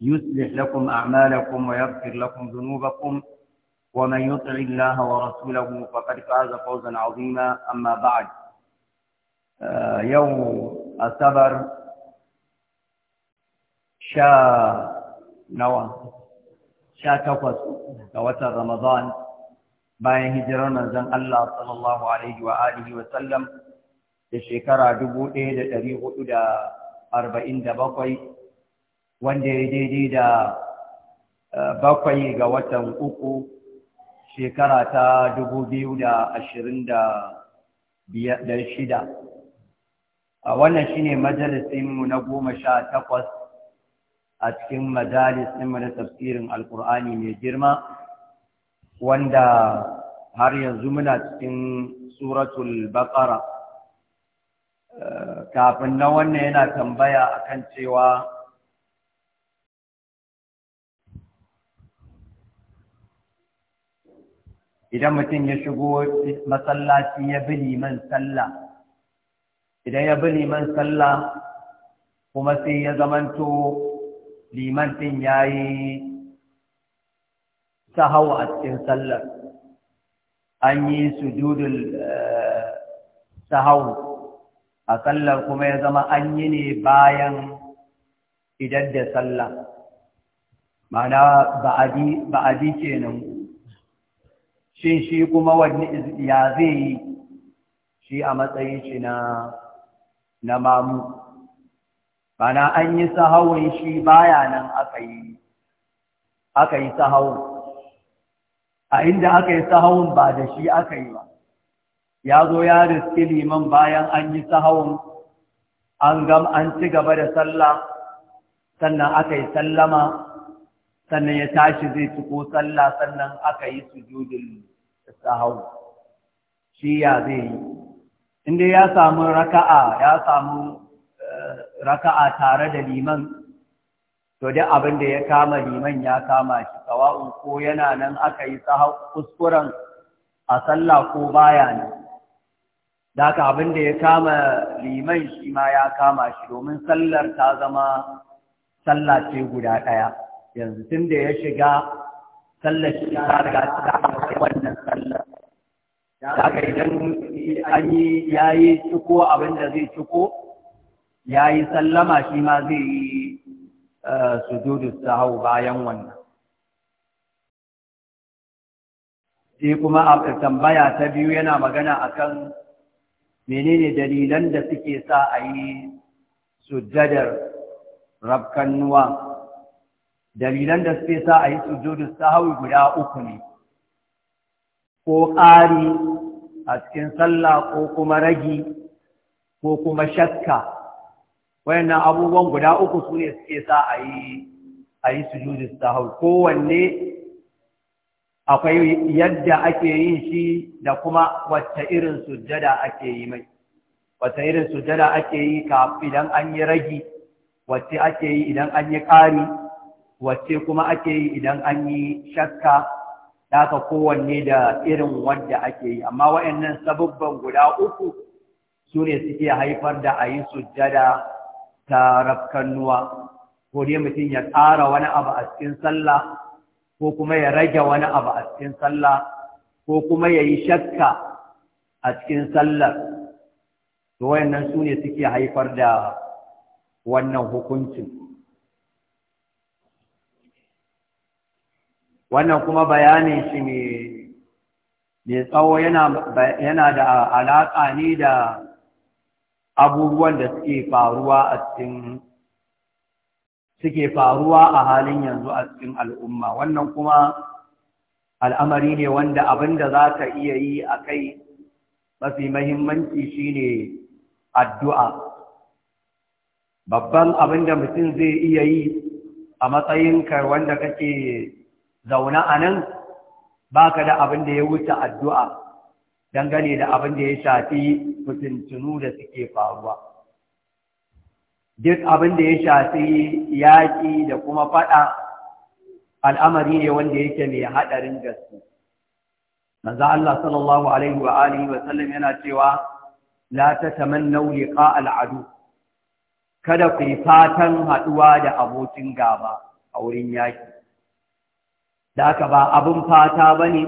يصلح لكم أعمالكم ويغفر لكم ذنوبكم ومن يطع الله ورسوله فقد فاز فوزا عظيما أما بعد يوم السبر شا نوى شا تقص كوتر رمضان bayan hijirar manzon Allah sallallahu alaihi wa alihi wa sallam da shekara 1447 wanda ya daidai da eh, bakwai ga watan uku shekara ta dubu biyu da ashirin da shida a wannan shine majalisinmu na goma sha takwas a cikin majalisinmu na tafsirin alkur'ani mai girma wanda har yanzu muna cikin suratul baqara eh, kafin na wannan yana tambaya akan cewa idan mutum ya shigo masallaci ya bi liman sallah idan ya bi liman sallah kuma sai ya zamanto liman din yayi sahau a cikin sallar an yi sujudul eh, sahau a sallar kuma ya zama an yi ne bayan idan da sallah ma'ana ba'adi kenan shin shi kuma wani ya zai yi shi a matsayin shi na mamu bana an yi sahawun shi baya nan aka yi aka yi sahawun a inda aka yi sahawun ba da shi aka yi ba ya zo ya riski liman bayan an yi sahawun an gam an ci gaba da sallah sannan aka yi sallama sannan ya tashi zai ci ko sallah sannan aka yi sujudin sahau shi ya zai yi inda ya samu raka'a ya samu eh, raka'a tare da liman to duk abin da ya kama liman ya kama shi sawa'un ko yana nan aka yi kuskuren a sallah ko baya ne da ka abin da ya kama liman shi ma ya kama shi domin sallar ta zama sallah ce guda ɗaya yanzu tun da ya shiga sallar shi ta riga ta wannan sallar da ga idan an yi ya yi ciko abin da zai ciko ya yi sallama shi ma zai yi eh, sujudu hau bayan wannan sai kuma a tambaya ta biyu yana magana akan menene dalilan da suke sa a yi sujjadar rabkannuwa dalilan da suke sa a yi sujudu sahawi guda uku ne ko ƙari a cikin sallah ko kuma ragi ko kuma shakka wayannan abubuwan guda uku su ne suke sa a yi a yi sujudu sahawi kowanne akwai yadda ake yin shi da kuma wacce irin sujjada ake yi mai wacce irin sujjada ake yi kafin idan an yi ragi wacce ake yi idan an yi ƙari wacce kuma ake yi idan an yi shakka daga kowanne da irin wanda ake yi amma wayannan sabubban guda uku su ne suke haifar da a yi sujjada ta rafkannuwa ko dai mutum ya ƙara wani abu a cikin sallah ko kuma ya rage wani abu a cikin sallah ko kuma ya yi shakka a cikin sallar to wayannan su ne suke haifar da wannan hukuncin wannan kuma bayanin shi mai tsawo yana da alaƙa ne da abubuwan da suke faruwa a cikin suke faruwa a halin yanzu a cikin al'umma wannan kuma al'amari ne wanda abin da za ka iya yi a kai mafi mahimmanci shine addu'a babban abin da mutum zai iya yi a matsayinka wanda kake zauna a nan ba ka da abin da ya wuce addu'a dangane da abin da ya shafi mutuntunu da suke faruwa. Duk abin da ya shafi yaƙi da kuma faɗa al'amari ne wanda yake mai haɗarin gaske. Maza Allah sallallahu Alaihi wa Alihi wa sallam yana cewa, La ta nauyi ka al'adu, kada ku yi fatan haɗuwa da abokin gaba a wurin yaƙi. da haka ba abin fata ba ne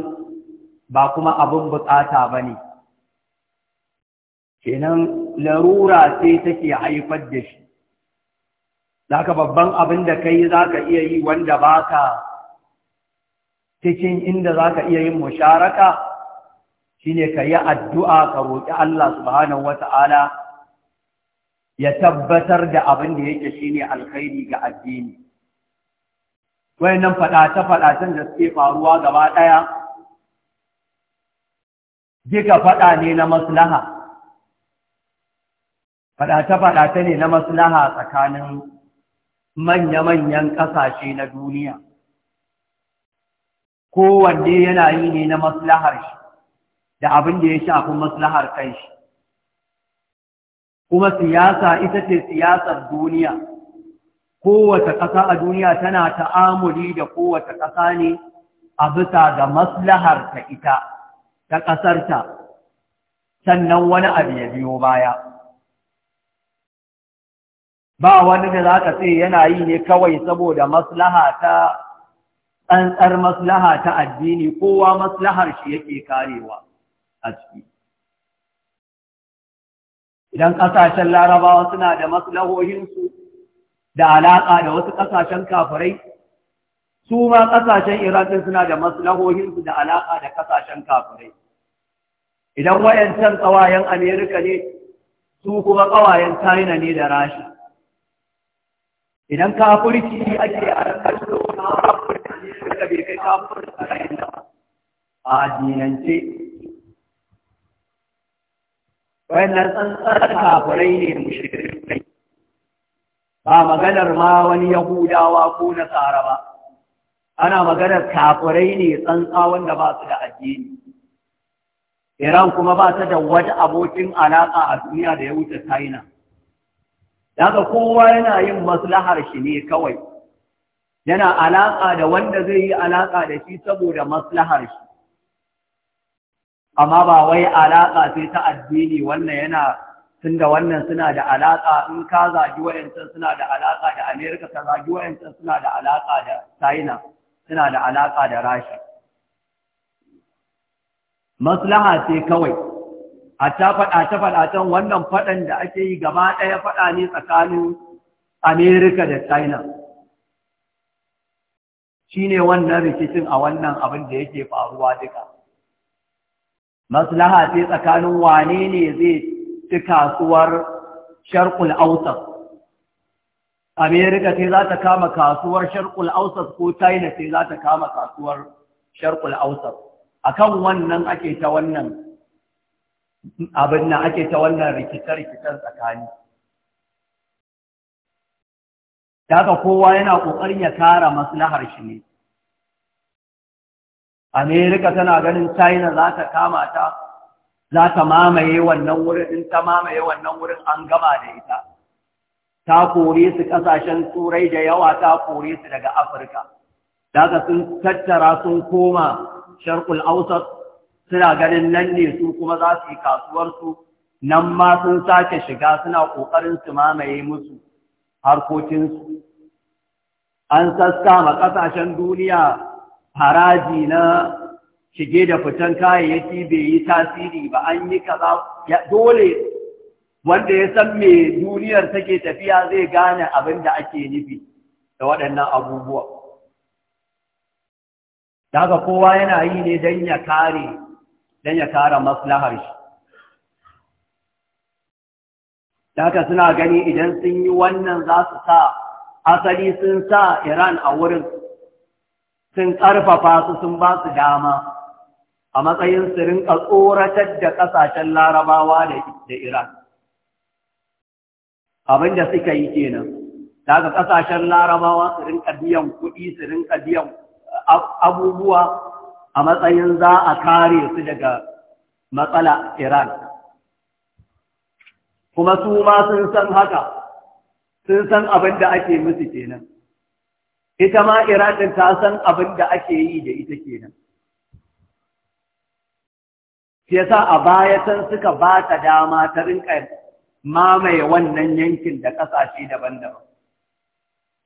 ba kuma abin bukata ba ne kenan larura sai take haifar da shi da haka babban abin da kai za ka iya yi wanda ba ka cikin inda za ka iya yin musharaka shi ne ka yi addu'a ka roƙi Allah subhanahu wata'ala ya tabbatar da abin da yake shi ne alkhairi ga addini wayannan faɗace-faɗacen da suke faruwa gaba ɗaya Jika faɗa ne na maslaha faɗace-faɗace ne na maslaha tsakanin manya-manyan ƙasashe na duniya kowanne yana yi ne na maslahar shi da abin da ya shafi maslahar kai shi kuma siyasa ita ce siyasar duniya kowace ƙasa a duniya tana ta'amuli da kowace ƙasa ne a bisa ga maslahar ta ita ta ƙasarta sannan wani abu ya biyo baya ba wani da za ka ce yana yi ne kawai saboda maslaha ta tsantsar maslaha ta addini kowa maslahar shi yake karewa a ciki idan ƙasashen larabawa suna da maslahohinsu da alaƙa da wasu ƙasashen kafirai su ma ƙasashen Iran suna da maslahohinsu da alaƙa da ƙasashen kafirai idan wayancan tsawayen Amerika ne su kuma ƙawayen China ne da Rasha idan kafirci ake a ƙasashen kafirci ne suka bai kai a tsantsar kafirai ne kai. ba maganar ma wani yahudawa ko nasara ba ana maganar kafirai ne tsantsa wanda ba su da addini iran kuma ba ta da wata abokin alaƙa a duniya da ya wuce china daga kowa yana yin maslahar shi ne kawai yana alaƙa da wanda zai yi alaƙa da shi saboda maslahar shi amma ba wai alaƙa sai ta addini wannan yana tun da wannan suna da alaƙa in ka zagi wa'yancan suna da alaƙa da amerika ka zagi wa'yancan suna da alaƙa da china suna da alaƙa da rashi maslaha ce kawai a ta faɗa ta faɗa can wannan faɗan da ake yi gaba ɗaya faɗa ne tsakanin amerika da china shi ne wannan rikicin a wannan abin da yake faruwa duka maslaha ce tsakanin wane ne zai kasuwar sharkul ausar amerika sai za ta kama kasuwar sharkul ausar ko china sai za ta kama kasuwar sharkul ausar akan wannan ake ta wannan abin na ake ta wannan rikice-rikicen tsakani daga kowa yana ƙoƙarin ya kara maslahar shi ne amerika tana ganin china za ta kama ta za ta mamaye wannan wurin in ta mamaye wannan wurin an gama da ita ta kore su kasashen turai da yawa ta kore su daga afirka daga sun tattara sun koma sharkul ausar suna ganin nan ne su kuma za su yi kasuwarsu nan ma sun sake shiga suna ƙoƙarin su mamaye musu harkokinsu an sassa ma ƙasashen duniya haraji na shige da fitan kayayyaki bai yi tasiri ba an yi kaza dole wanda ya san me duniyar take tafiya zai gane abin da ake nufi da waɗannan abubuwa daga kowa yana yi ne don ya kare don ya kare maslahar shi daga suna gani idan sun yi wannan za su sa asali sun sa iran a wurin sun ƙarfafa su sun ba su dama a matsayin su tsoratar da ƙasashen larabawa da Iran. Abin da suka yi kenan, daga ƙasashen larabawa su biyan kuɗi su biyan abubuwa a matsayin za a kare su daga matsala Iran. Kuma su ma sun san haka, sun san abin da ake musu kenan. Ita ma Iran ta san abin da ake yi da ita kenan. Ke sa a bayatan suka ba ta dama ta rinka mamaye wannan yankin da ƙasashe daban-daban.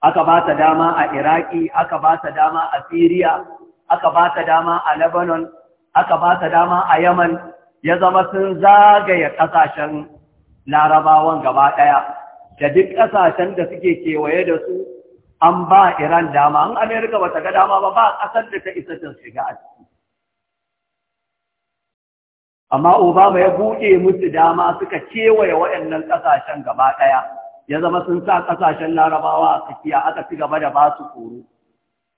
Aka ba ta dama a Iraki, aka ba ta dama a Siriya, aka ba ta dama a Lebanon, aka ba ta dama a Yaman, ya zama sun zagaye ƙasashen larabawan gaba ɗaya, da duk ƙasashen da suke kewaye da su an ba Iran dama, an Amerika ba ta ga dama ba ba ƙasar da ta isa ta shiga a ciki. amma obama ya buɗe musu dama suka kewaye waɗannan ƙasashen gaba ɗaya ya zama sun sa ƙasashen larabawa a tsakiya aka ci gaba da ba su koro.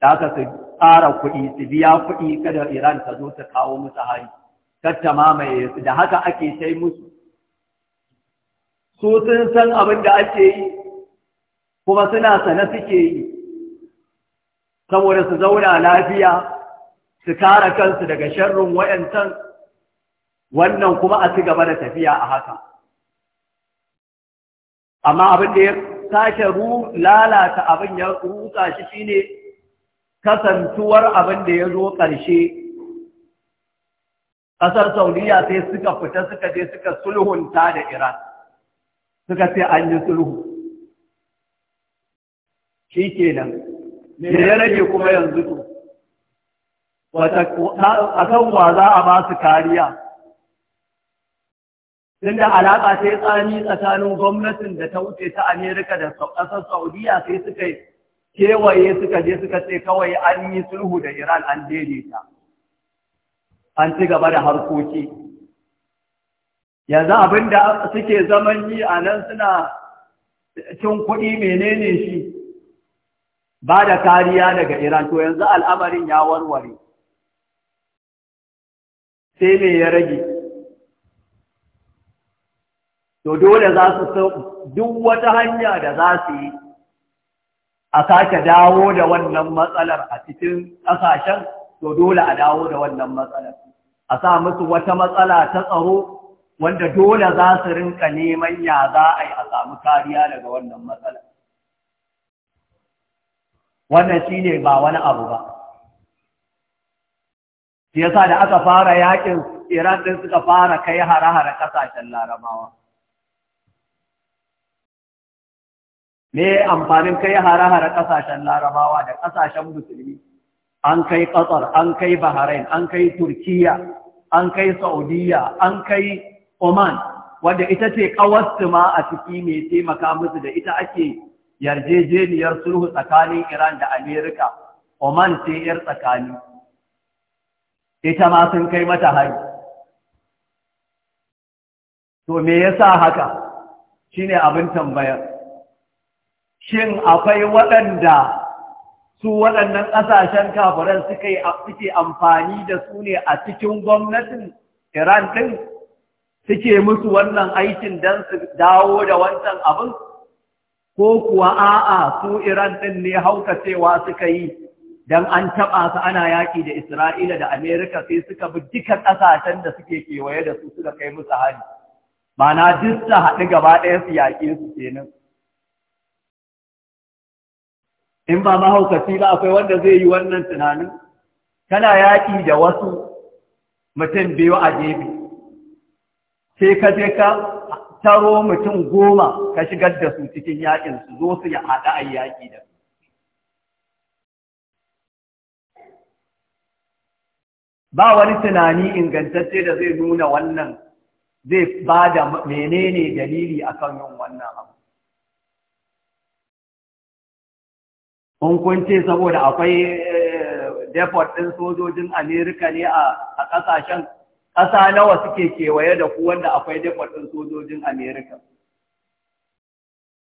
da aka su tsara kuɗi su biya kuɗi kada iran ta zo ta kawo musu hari tatta mamaye su da haka ake sai musu su sun san abin da ake yi kuma suna sane suke yi saboda su zauna lafiya su kare kansu daga sharrin waɗancan. wannan kuma a ci gaba da tafiya a haka amma abin da ya sashe lalata abin ya rutsa shi shine kasantuwar abin da ya zo ƙarshe ƙasar saudiya sai suka fita suka je suka sulhunta da iran suka sai an yi sulhu shi nan, me ya rage kuma yanzu to a kan wa za a ba su kariya tunda alaƙa ta yi tsani tsakanin gwamnatin da ta wuce ta Amerika da ƙasar Saudiya sai suka kewaye suka je suka ce kawai an yi sulhu da Iran an daidaita. An ci gaba da harkoki. Yanzu abin da suke zaman yi a nan suna cin kuɗi menene shi ba da kariya daga Iran to yanzu al'amarin ya warware. Sai me ya rage? to dole za su duk wata hanya da za su yi a sake dawo da wannan matsalar a cikin ƙasashen to dole a dawo da wannan matsalar a sa musu wata matsala ta tsaro wanda dole za su rinka neman ya za a yi a samu kariya daga wannan matsala. wannan shi ne ba wani abu ba shi yasa da aka fara yaƙin iran ɗin suka fara kai hare-hare ƙasashen larabawa me amfanin kai hare-hare ƙasashen larabawa da ƙasashen musulmi an kai ƙasar an kai bahrain an kai turkiya an kai saudiya an kai oman wanda ita ce ƙawarsu ma a ciki mai taimaka musu da ita ake yarjejeniyar sulhu tsakanin iran da amerika oman ce yar tsakani ita ma sun kai mata hari to me yasa haka shine abin tambayar shin akwai waɗanda su waɗannan ƙasashen kafiran suka yi suke amfani da su ne a cikin gwamnatin Iran ɗin suke musu wannan aikin don su dawo da wancan abin? Ko kuwa a'a su Iran ɗin ne haukacewa suka yi don an taɓa su ana yaƙi da Isra'ila da Amerika sai suka bi duka ƙasashen da suke kewaye da su suka kai musu hari. Mana duk su haɗu gaba ɗaya su yaƙe su kenan. in ba mahaukaci ba akwai wanda zai yi wannan tunanin kana yaƙi da wasu mutum biyu a jebi sai ka je ka taro mutum goma ka shigar da su cikin yaƙin su zo su ya haɗa a yaƙi da ba wani tunani ingantacce da zai nuna wannan zai ba da menene dalili akan yin wannan abu hunkunci saboda akwai eh, deport ɗin sojojin amerika ne a ƙasashen ƙasa nawa suke kewaye da ku wanda akwai deport ɗin sojojin amerika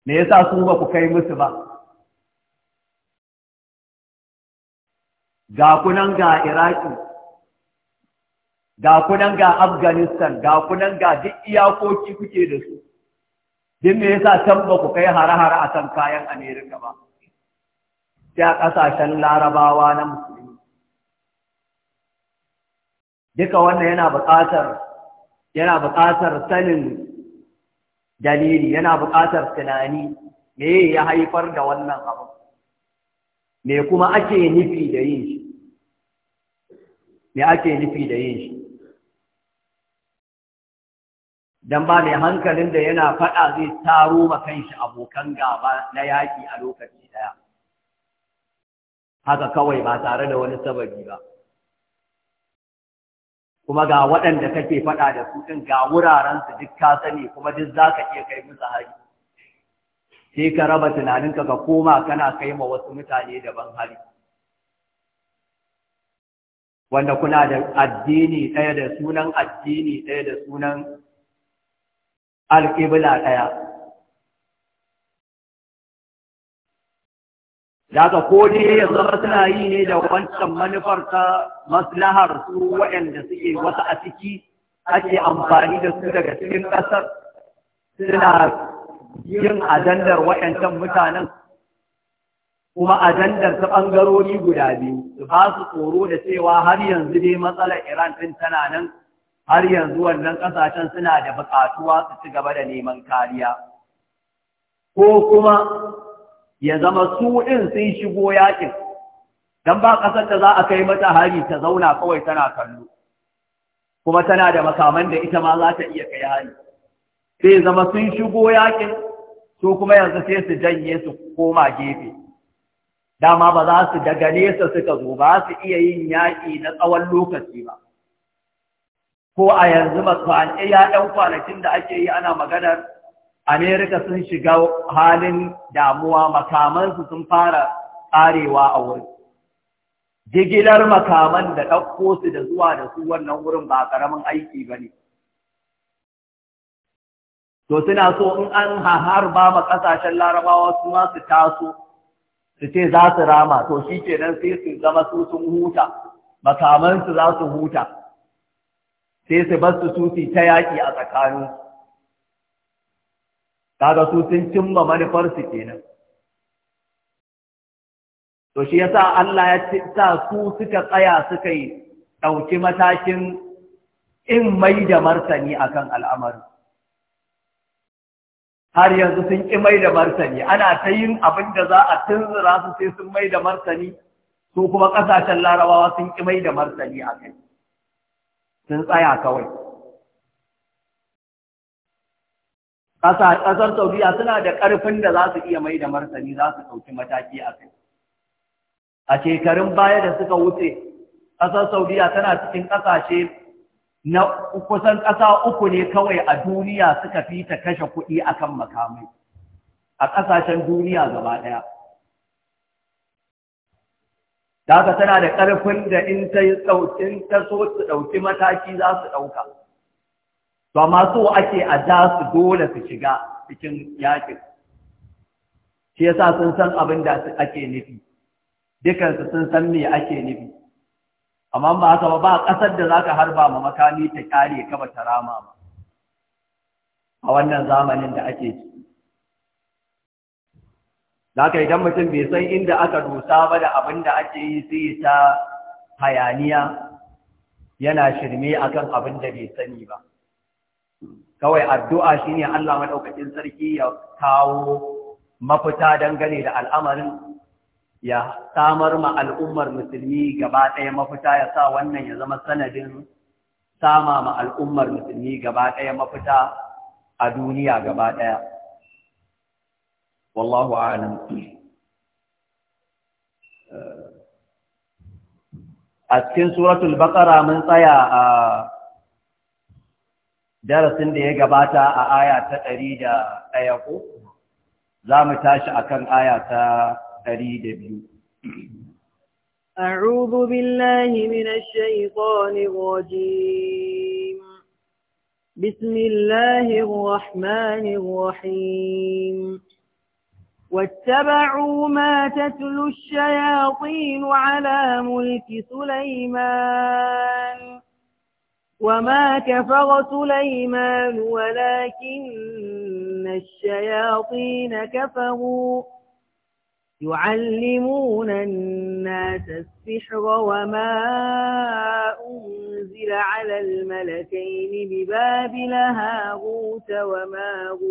me yasa su ba ku kai musu ba ga kunan ga iraki ga kunan ga afghanistan ga kunan ga duk iyakoki kuke da su duk me yasa can ba ku kai hare-hare a kan kayan amerika ba ta a ƙasashen larabawa na musulmi duka wannan yana buƙatar yana buƙatar sanin dalili yana buƙatar tunani me ya haifar da wannan abu me kuma ake nufi da yin shi me ake nufi da yin shi don ba mai hankalin da yana faɗa zai taro ma shi abokan gaba na yaƙi a lokaci ɗaya haka kawai ba tare da wani sababi ba kuma ga waɗanda kake faɗa da su ɗin ga wuraren su duk ka sani kuma duk za ka iya kai musu hari sai ka raba tunaninka ka koma kana kai ma wasu mutane daban hari wanda kuna da addini ɗaya da sunan addini ɗaya da sunan alƙibla ɗaya daga ko dai ya zama suna yi ne da wancan manufar ta maslahar su waɗanda suke wata a ciki ake amfani da su daga cikin ƙasar suna yin ajandar waɗancan mutanen kuma ajandar ta ɓangarori guda biyu su ba su tsoro da cewa har yanzu dai matsalar iran ɗin tana nan har yanzu wannan ƙasashen suna da buƙatuwa su ci gaba da neman kariya ko kuma ya zama su ɗin sun shigo yaƙin, don ba ƙasar da za a kai mata hari ta zauna kawai tana kallo kuma tana da makaman da ita ma za ta iya kai hari sai zama sun shigo yaƙin, su kuma yanzu sai su janye su koma gefe dama ba za su daga nesa suka zo ba su iya yin yaƙi na tsawon lokaci ba ko a yanzu ba ya ɗan kwanakin da ake yi ana maganar Amerika sun shiga halin damuwa makamansu sun fara tsarewa a wurin. Jigilar makaman da ɗauko su da zuwa da su wannan wurin ba ƙaramin aiki ba ne. To suna so in an har ba ma ƙasashen larabawa su ma su taso su ce za su rama to shi kenan sai su zama su sun huta makamansu za su huta sai su bar su su ta yaƙi a tsakaninsu. kaga su sun cimma manufarsu kenan to shi yasa Allah ya sa su suka tsaya suka yi ɗauki matakin in mai da martani akan al'amarin har yanzu sun ƙi mai da martani ana ta yin abin da za a tunzura su sai sun mai da martani su kuma ƙasashen larabawa sun ƙi mai da martani a sun tsaya kawai ƙasar saudiya suna da ƙarfin da za su iya mai da martani za su ɗauki mataki a kai a shekarun baya da suka wuce ƙasar saudiya tana cikin ƙasashe na kusan ƙasa uku ne kawai a duniya suka fi ta kashe kuɗi a kan makamai a ƙasashen duniya gaba ɗaya da haka tana da ƙarfin da in ta so su ɗauki mataki za su ɗauka to amma so ake a da su dole su shiga cikin yakin shi yasa sun san abin da ake nufi dukansu sun san me ake nufi amma ba haka ba ba ƙasar da zaka harba ma makami ta kare ka ba ta ba a wannan zamanin da ake zaka idan mutum bai san inda aka dosa ba da abin da ake yi sai ta hayaniya yana shirme akan abin da bai sani ba kawai addu'a shi ne Allah maɗaukacin sarki ya kawo mafita dangane da al'amarin ya samar ma al'ummar musulmi gaba ɗaya mafita ya sa wannan ya zama sanadin sama ma al'ummar musulmi gaba ɗaya mafita a duniya gaba ɗaya wallahu a'lam a cikin suratul bakara mun tsaya a darasin da ya gabata a aya ta ɗari da ɗaya ko za mu tashi a kan aya ta ɗari da biyu أعوذ بالله من الشيطان الرجيم بسم الله الرحمن الرحيم واتبعوا ما تتلو الشياطين على ملك سليمان وما كفر سليمان ولكن الشياطين كفروا يعلمون الناس السحر وما أنزل على الملكين ببابل هاروت وماروت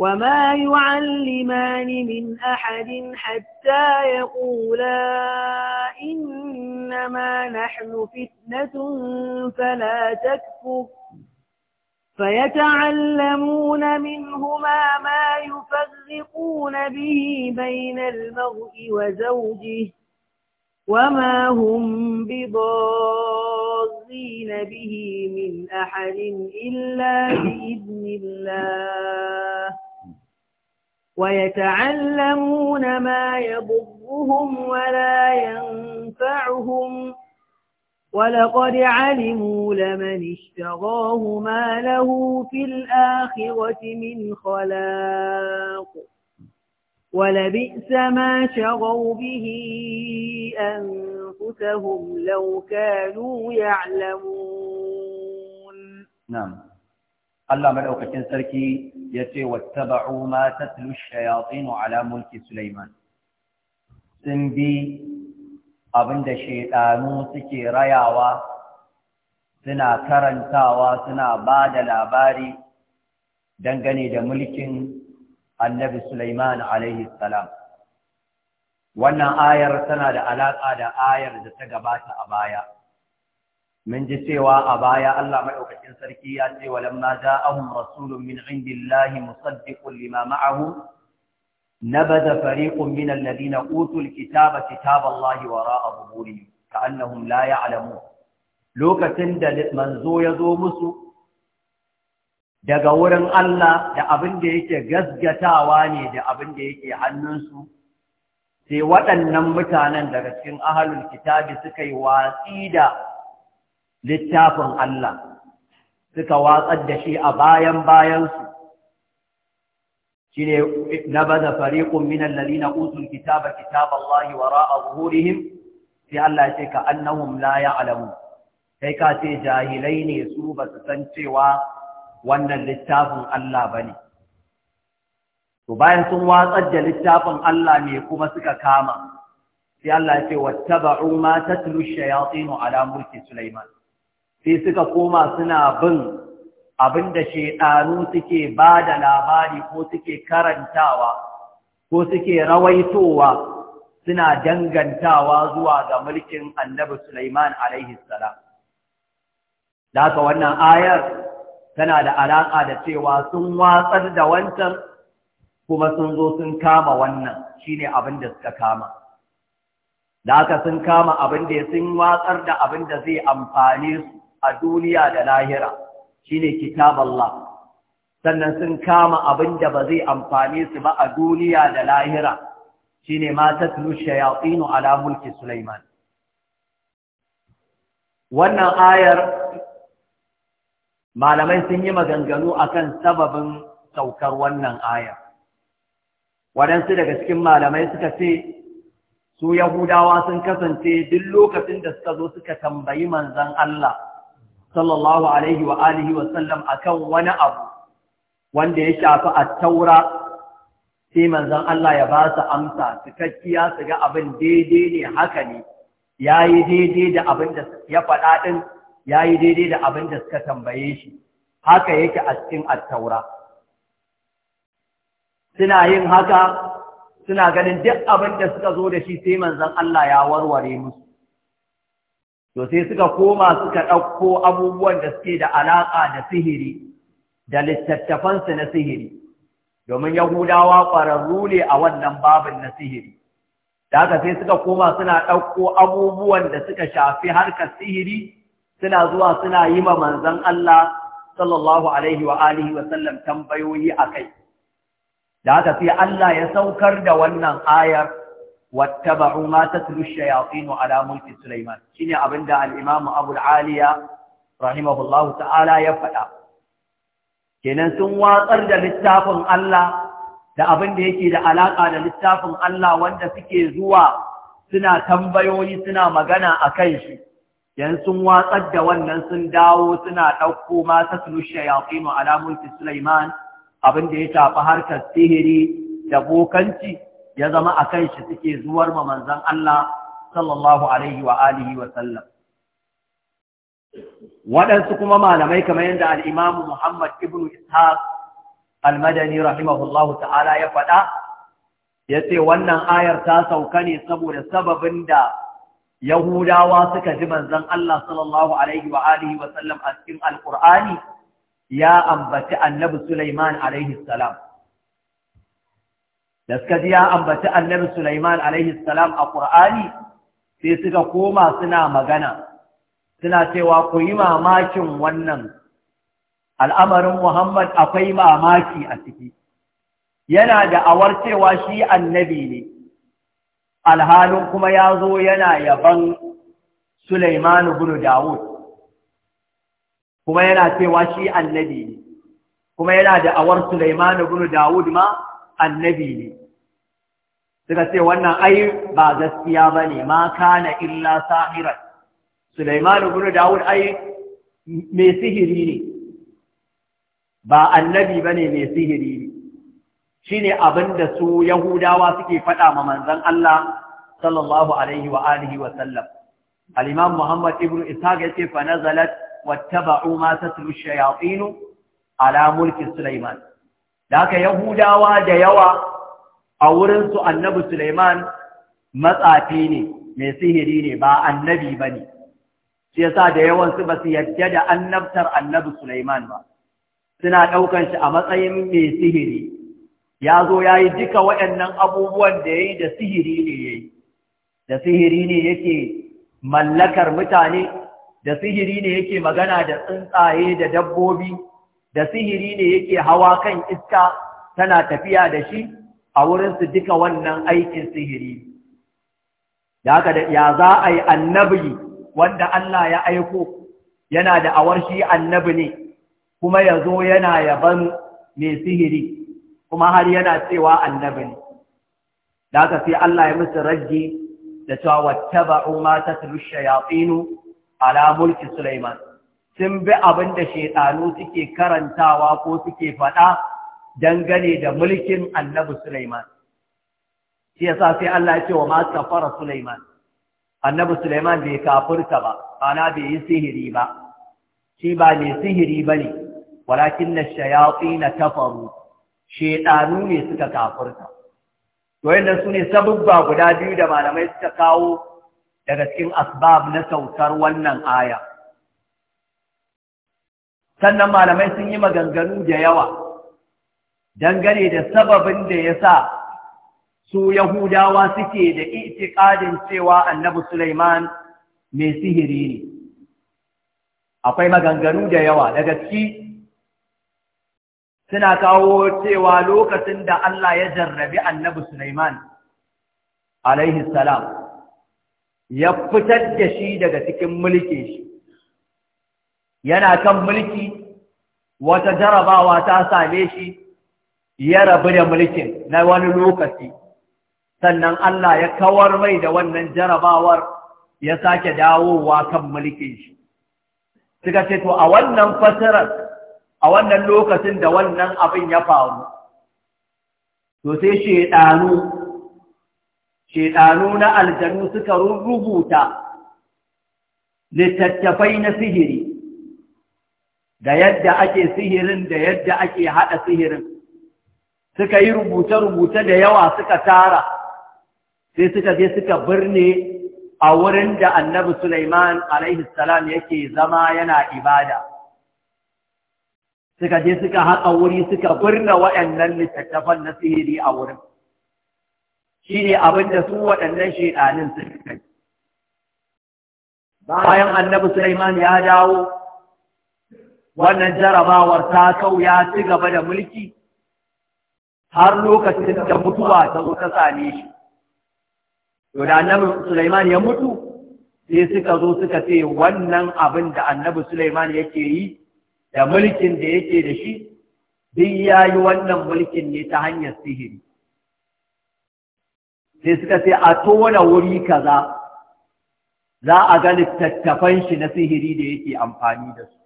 وما يعلمان من أحد حتى يقولا إنما نحن فتنة فلا تكفر فيتعلمون منهما ما يفرقون به بين المرء وزوجه وما هم بضارين به من أحد إلا بإذن الله ويتعلمون ما يضرهم ولا ينفعهم ولقد علموا لمن اشتراه ما له في الآخرة من خلاق ولبئس ما شروا به أنفسهم لو كانوا يعلمون نعم Allah madaukakin sarki ya ce wattaba'u ma tatlu shayatin ala mulki Sulaiman sun bi abinda shedanu suke rayawa suna karantawa suna ba da labari dangane da mulkin annabi Sulaiman alaihi salam wannan ayar tana da alaƙa da ayar da ta gabata a baya mun ji cewa a baya Allah madaukakin sarki ya ce walamma ja'ahum rasulun min indillahi musaddiqun lima ma'ahu nabada fariqun min alladhina utul kitaba kitaballahi wara'a zuhurihim ka'annahum la ya'lamun lokacin da manzo ya zo musu daga wurin Allah da abin da yake gasgatawa ne da abin da yake hannunsu, sai waɗannan mutanen daga cikin ahalul kitabi suka yi watsi da littafin Allah suka watsar da shi a bayan bayansu shine fariƙun fariqun min alladhina utul kitaba kitaballahi wara'a zuhurihim sai Allah ya ce ka annahum la ya'lamun kai ka ce jahilai ne su ba su san cewa wannan littafin Allah ba ne. To bayan sun watsar da littafin Allah ne kuma suka kama, sai Allah ya ce, Wattaba'u ma ta tulu shayatinu ala mulki Sulaiman. sai suka koma suna bin abin da shaidanu suke ba da labari ko suke karantawa ko suke rawaitowa suna dangantawa zuwa ga mulkin annabi Sulaiman alaihi salam. Da wannan ayar tana da alaƙa da cewa sun watsar da wancan kuma sun zo sun kama wannan shine abin da suka kama. Da haka sun kama abin da sun watsar da abin da zai amfane su a duniya da lahira shine kitab Allah sannan sun kama abin da ba zai amfane su ba a duniya da lahira shine ma tatlu shayatin ala mulki Sulaiman wannan ayar malamai sun yi maganganu akan sababin saukar wannan ayar waɗansu daga cikin malamai suka ce su Yahudawa sun kasance duk lokacin da suka zo suka tambayi manzan Allah sallallahu alaihi wa alihi wa sallam akan wani abu wanda ya shafi attaura taura sai manzon Allah ya ba su amsa cikakkiya su ga abin daidai ne haka ne yayi daidai da abin da ya faɗa din yayi daidai da abin da suka tambaye shi haka yake a cikin at-taura suna yin haka suna ganin duk abin da suka zo da shi sai manzon Allah ya warware musu to sai suka koma suka ɗauko abubuwan da suke da alaƙa da sihiri da littattafansu na sihiri domin yahudawa ƙwararru ne a wannan babin na sihiri da haka sai suka koma suna ɗauko abubuwan da suka shafi harkar sihiri suna zuwa suna yi ma manzan Allah sallallahu alaihi wa alihi wa sallam tambayoyi a kai da haka sai Allah ya saukar da wannan ayar wattaba'u ma tatlu ash-shayatin ala mulki Sulaiman shine abinda al-Imam Abu al-Aliya ta'ala ya faɗa kenan sun watsar da littafin Allah da abin da yake da alaka da littafin Allah wanda suke zuwa suna tambayoyi suna magana akan shi yan sun watsar da wannan sun dawo suna ɗauko ma ta sulushe yaƙinu alamun mulki Sulaiman abin da ya shafi harkar sihiri da bokanci ya zama a kan shi suke zuwar ma manzan Allah sallallahu alaihi wa alihi waɗansu kuma malamai kamar yadda al'imamu Muhammad ibn Ishaq al-Madani rahimahullahu ta'ala ya faɗa ya ce wannan ayar ta sauka ne saboda sababin da Yahudawa suka ji manzan Allah sallallahu alaihi wa alihi a cikin Alƙur'ani ya ambaci annabi Sulaiman alaihi salam. da suka ji ya ambaci annabi Sulaiman alaihi salam a Qur'ani sai suka koma suna magana suna cewa ku yi mamakin wannan al'amarin Muhammad akwai mamaki a ciki yana da awar cewa shi annabi ne alhalin kuma ya zo yana yaban Sulaiman ibn Dawud kuma yana cewa shi annabi ne kuma yana da awar Sulaiman ibn Dawud ma annabi ne suka ce wannan ai ba gaskiya ba ne ma kana illa sahiran Sulaiman ibn Dawud ai mai sihiri ne ba annabi ba ne mai sihiri ne shi ne abin da su Yahudawa suke faɗa ma manzan Allah sallallahu alaihi wa alihi wa sallam al-Imam Muhammad ibn Ishaq yace fa nazalat wattaba'u ma tatlu ash-shayatin ala mulki Sulaiman da yahudawa da yawa a wurinsu annabi suleiman matsafi ne mai sihiri ne ba annabi ba ne shi yasa da yawansu ba su yadda da annabtar annabi suleiman ba suna ɗaukan shi a matsayin mai sihiri ya zo ya yi duka waɗannan abubuwan da ya yi da sihiri ne ya yi da sihiri ne yake mallakar mutane da sihiri ne yake magana da tsuntsaye da dabbobi da sihiri ne yake hawa kan iska tana tafiya da shi a wurinsu duka wannan aikin sihiri da haka da ya za a yi annabi wanda Allah ya aiko yana da awar shi annabi ne kuma ya zo yana yaban mai sihiri kuma har yana cewa annabi ne da haka sai Allah ya musu rage da cewa wattaba'u ma tatlu ala mulki Sulaiman sun bi abin da shaidanu suke karantawa ko suke faɗa dangane da mulkin annabi Sulaiman. Shi yasa sai Allah ya ce wa masu fara Sulaiman. Annabi Sulaiman bai kafurta ba, ana bai yi sihiri ba. Shi ba mai sihiri ba ne, walakin na shayafi na tafaru, shaidanu ne suka kafurta. To yadda su ne sabubba guda biyu da malamai suka kawo daga cikin asbab na sautar wannan aya. sannan malamai sun yi maganganu da yawa dangane da sababin da ya sa su Yahudawa suke da itikadin cewa annabi Sulaiman mai sihiri ne. Akwai maganganu da yawa daga ciki suna kawo cewa lokacin da Allah ya jarrabi annabi Sulaiman alaihi salam ya fitar da shi daga cikin mulkin shi. yana kan mulki wata jarabawa ta same shi ya rabu da mulkin na wani lokaci sannan Allah ya kawar mai da wannan jarabawar ya sake dawowa kan mulkin shi suka ce to a wannan fasirar a wannan lokacin da wannan abin ya faru to sai shedanu shedanu na aljanu suka rubuta littattafai na sihiri da yadda ake sihirin da yadda ake haɗa sihirin suka yi rubuce-rubuce da yawa suka tara sai suka je suka birne a wurin da annabi Sulaiman alaihissalam yake zama yana ibada suka je suka haɗa wuri suka birne waɗannan littattafan na sihiri a wurin shi ne abinda su waɗannan shi suka su. bayan annabi Sulaiman ya dawo wannan jarabawar ta kau ya ci gaba da mulki har lokacin da mutuwa ta zo ta shi to da annabi Sulaiman ya mutu sai suka zo suka ce wannan abin da annabi Sulaiman yake yi da mulkin da yake da shi duk ya yi wannan mulkin ne ta hanyar sihiri sai suka ce a tona wuri kaza za a ga littattafan shi na sihiri da yake amfani da su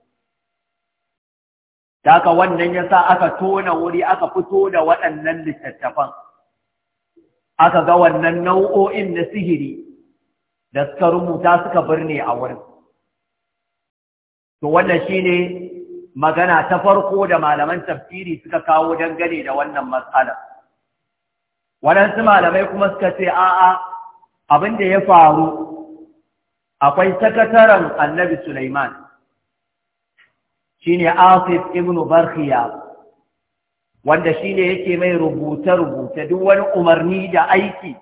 Daka wannan ya sa aka tona wuri aka fito da waɗannan littattafan, aka ga wannan nau'o'in na sihiri da suka rumuta suka birne a wurin. To wannan shi ne magana ta farko da malaman tafsiri suka kawo dangane da wannan matsala. Waɗansu malamai kuma suka ce, A'a, abin da ya faru, akwai sakataren annabi Sulaiman. shine Asif ibn Barkhiya wanda shine yake mai rubuta rubuta duk wani umarni da aiki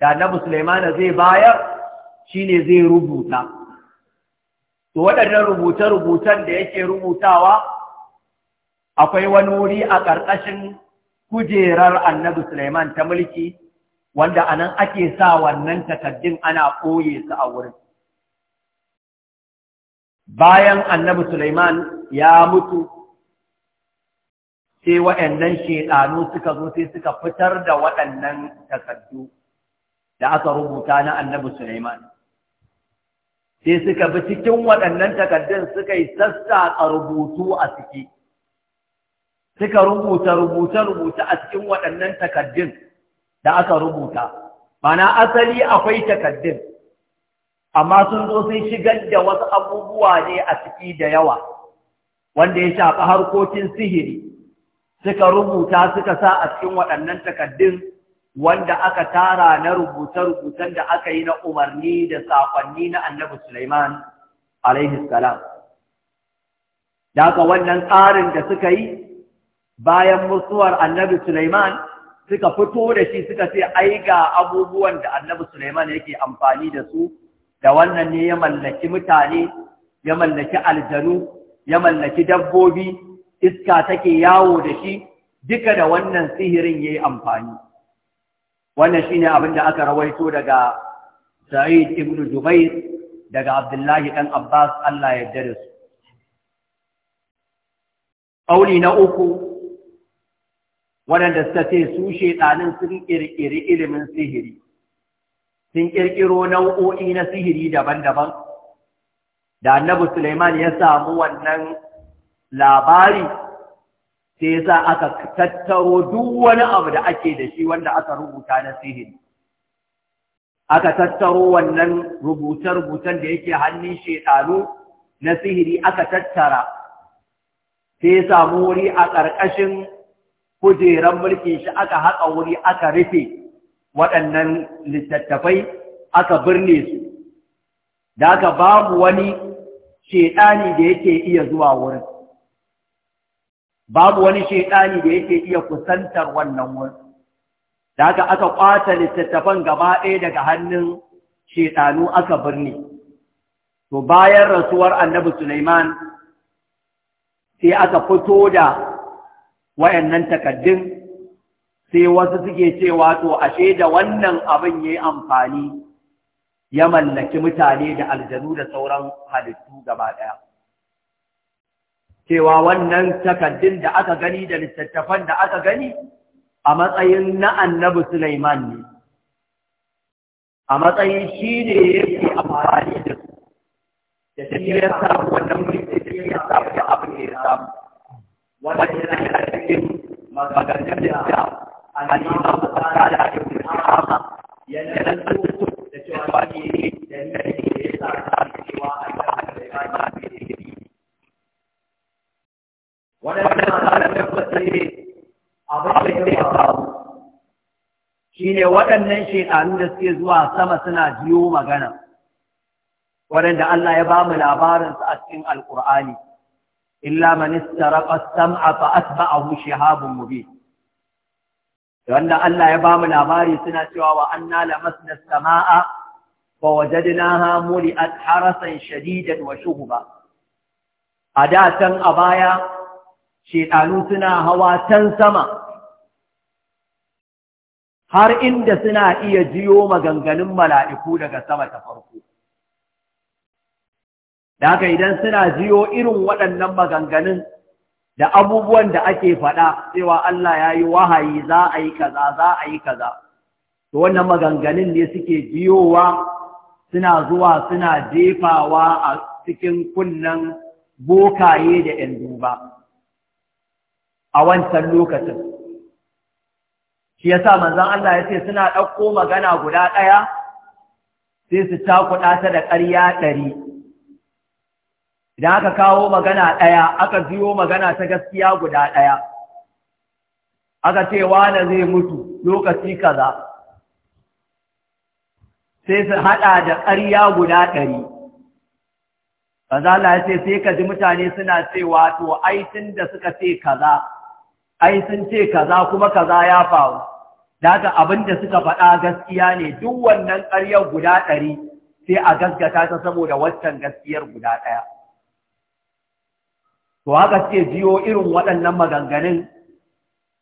da Annabi Sulaiman zai bayar shine zai rubuta to waɗannan rubuta-rubutan da yake rubutawa akwai wani wuri a ƙarƙashin kujerar Annabi Sulaiman ta mulki wanda anan ake sa wannan takaddun ana ɓoye su a wurin bayan annabi Sulaiman ya mutu sai waɗannan shaiɗanu suka zo sai suka fitar da waɗannan takardu da aka rubuta na annabi Sulaiman sai suka bi cikin waɗannan takardun suka yi sassaƙa rubutu a ciki suka rubuta rubuta rubuta a cikin waɗannan takardun da aka rubuta mana asali akwai takardun amma sun zo sun shigar da wasu abubuwa ne a ciki da yawa wanda ya shafi harkokin sihiri suka rubuta suka sa a cikin waɗannan takaddun wanda aka tara na rubuce-rubucen da aka yi na umarni da saƙonni na annabi Sulaiman alaihi salam. Daga wannan tsarin da suka yi bayan mutuwar annabi Sulaiman suka fito da shi suka ce ai ga abubuwan da annabi Sulaiman yake amfani da su da wannan ne ya mallaki mutane ya mallaki aljanu ya mallaki dabbobi iska take yawo da shi duka da wannan sihirin yayi amfani wannan shine abin da aka rawaito daga Sa'id ibn Jubair daga Abdullahi dan Abbas Allah ya yarda su auli na uku waɗanda suka ce su shaiɗanin sun ƙirƙiri ilimin sihiri sun ƙirƙiro nau'o'i na sihiri daban-daban da annabi Suleiman ya samu wannan labari sai sa aka tattaro duk wani abu da ake da shi wanda aka rubuta na sihiri aka tattaro wannan rubuce-rubucen da yake hannun shekaru na sihiri aka tattara sai samu wuri a ƙarƙashin kujeran mulkin shi aka haƙa wuri aka rufe waɗannan littattafai aka birne su da aka babu wani shaiɗani da yake iya zuwa wurin babu wani shaiɗani da yake iya kusantar wannan wurin da aka aka ƙwata littattafan gaba ɗaya daga hannun shaiɗanu aka birne to bayan rasuwar annabi Sulaiman sai aka fito da wayannan takaddun sai wasu suke cewa to ashe da wannan abin ya yi amfani ya mallaki mutane da aljanu da sauran halittu gaba ɗaya. Cewa wannan takaddun da aka gani da littattafan da aka gani a matsayin na annabi Sulaiman ne, a matsayin shi ne yake amfani da da shi ya samu wannan ya samu da abin ya samu, wanda yana cikin da shine waɗannan shekaru da suke zuwa sama suna jiyo magana waɗanda Allah ya ba mu labarinsu a cikin alƙur'ani illa man istaraqa as-sam'a fa atba'ahu shihabun mubin wanda Allah ya bamu labari suna cewa wa anna lamasna samaa fa wajadnaha muli'at harasan shadidan wa shuhuba a baya shedanu suna hawa tan sama har inda suna iya jiyo maganganun mala'iku daga sama ta farko da haka idan suna jiyo irin waɗannan maganganun da abubuwan da ake faɗa cewa Allah ya yi wahayi za a yi kaza za a yi kaza to wannan maganganun ne suke jiyowa suna zuwa suna jefawa a cikin kunnen bokaye da 'yanduba duba a wancan lokacin shi yasa manzon Allah ya ce suna ɗauko magana guda ɗaya sai su takuɗa ta da ƙarya ɗari idan aka kawo magana ɗaya aka ziyo magana ta gaskiya guda ɗaya aka ce wane zai mutu lokaci kaza sai su haɗa da ƙarya guda ɗari ya ce sai ka ji mutane suna cewa to ai da suka ce kaza ai sun ce kaza kuma kaza ya faru da abin da suka faɗa gaskiya ne duk wannan ƙaryar guda ɗari sai a gaskata ta saboda waccan gaskiyar guda ɗaya to haka suke jiyo irin waɗannan maganganun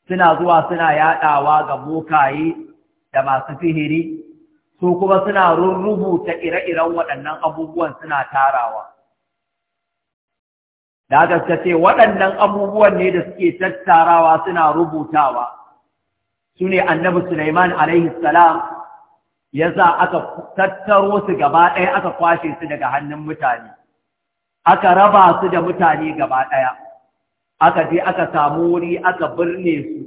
suna zuwa suna yaɗawa ga bokaye da masu sihiri su kuma suna rubuta ire-iren waɗannan abubuwan suna tarawa da gaske ce waɗannan abubuwan ne da suke tattarawa suna rubutawa su ne annabi suleiman alaihi salam ya sa aka tattaro su gaba ɗaya aka kwashe su daga hannun mutane aka raba su da mutane gaba ɗaya aka je aka samu wuri aka birne su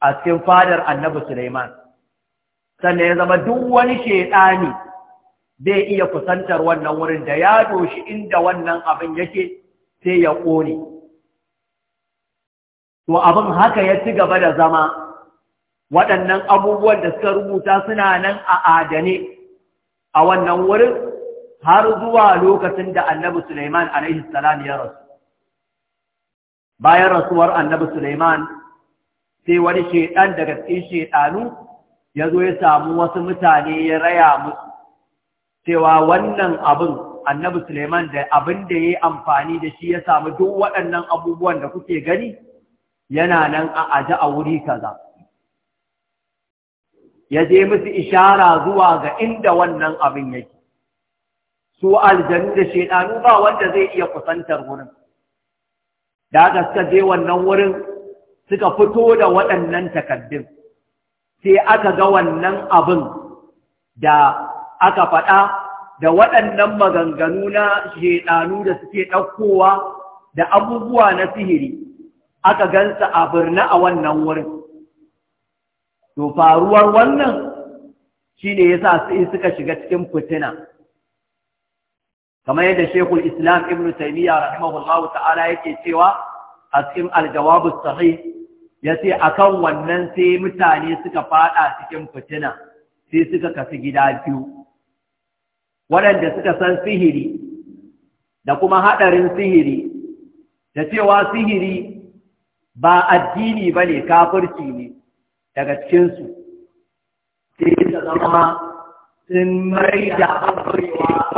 a cikin fadar annabi Suleiman sannan ya zama duk wani shedani zai iya kusantar wannan wurin da ya doshi inda wannan abin yake sai ya ƙone to abin haka ya ci gaba da zama waɗannan abubuwan da suka rubuta suna nan a adane a wannan wurin har zuwa lokacin da annabi Suleiman alaihi salam ya rasu bayan rasuwar annabi Suleiman sai wani shedan daga cikin shedanu ya zo ya samu wasu mutane ya raya musu cewa wannan abin annabi Suleiman da abin da ya yi amfani da shi ya samu duk waɗannan abubuwan da kuke gani yana nan a aji a wuri kaza. Ya je musu ishara zuwa ga inda wannan abin yake. su aljanu da shaidanu ba wanda zai iya kusantar wurin da aka suka je wannan wurin suka fito da waɗannan takardun sai aka ga wannan abin da aka faɗa da waɗannan maganganu na shaidanu da suke ɗaukowa da abubuwa na sihiri aka gansa a birni a wannan wurin to faruwar wannan shi ne ya sa suka shiga cikin fitina kamar yadda shekul islam ibn taimiyya rahimahullahu ta'ala yake cewa a cikin aljawabu sahih ya ce a wannan sai mutane suka fada cikin fitina sai suka kasu gida biyu waɗanda suka san sihiri da kuma haɗarin sihiri da cewa sihiri ba addini ba ne kafirci ne daga cikinsu sai da zama sun mai da haɓarewa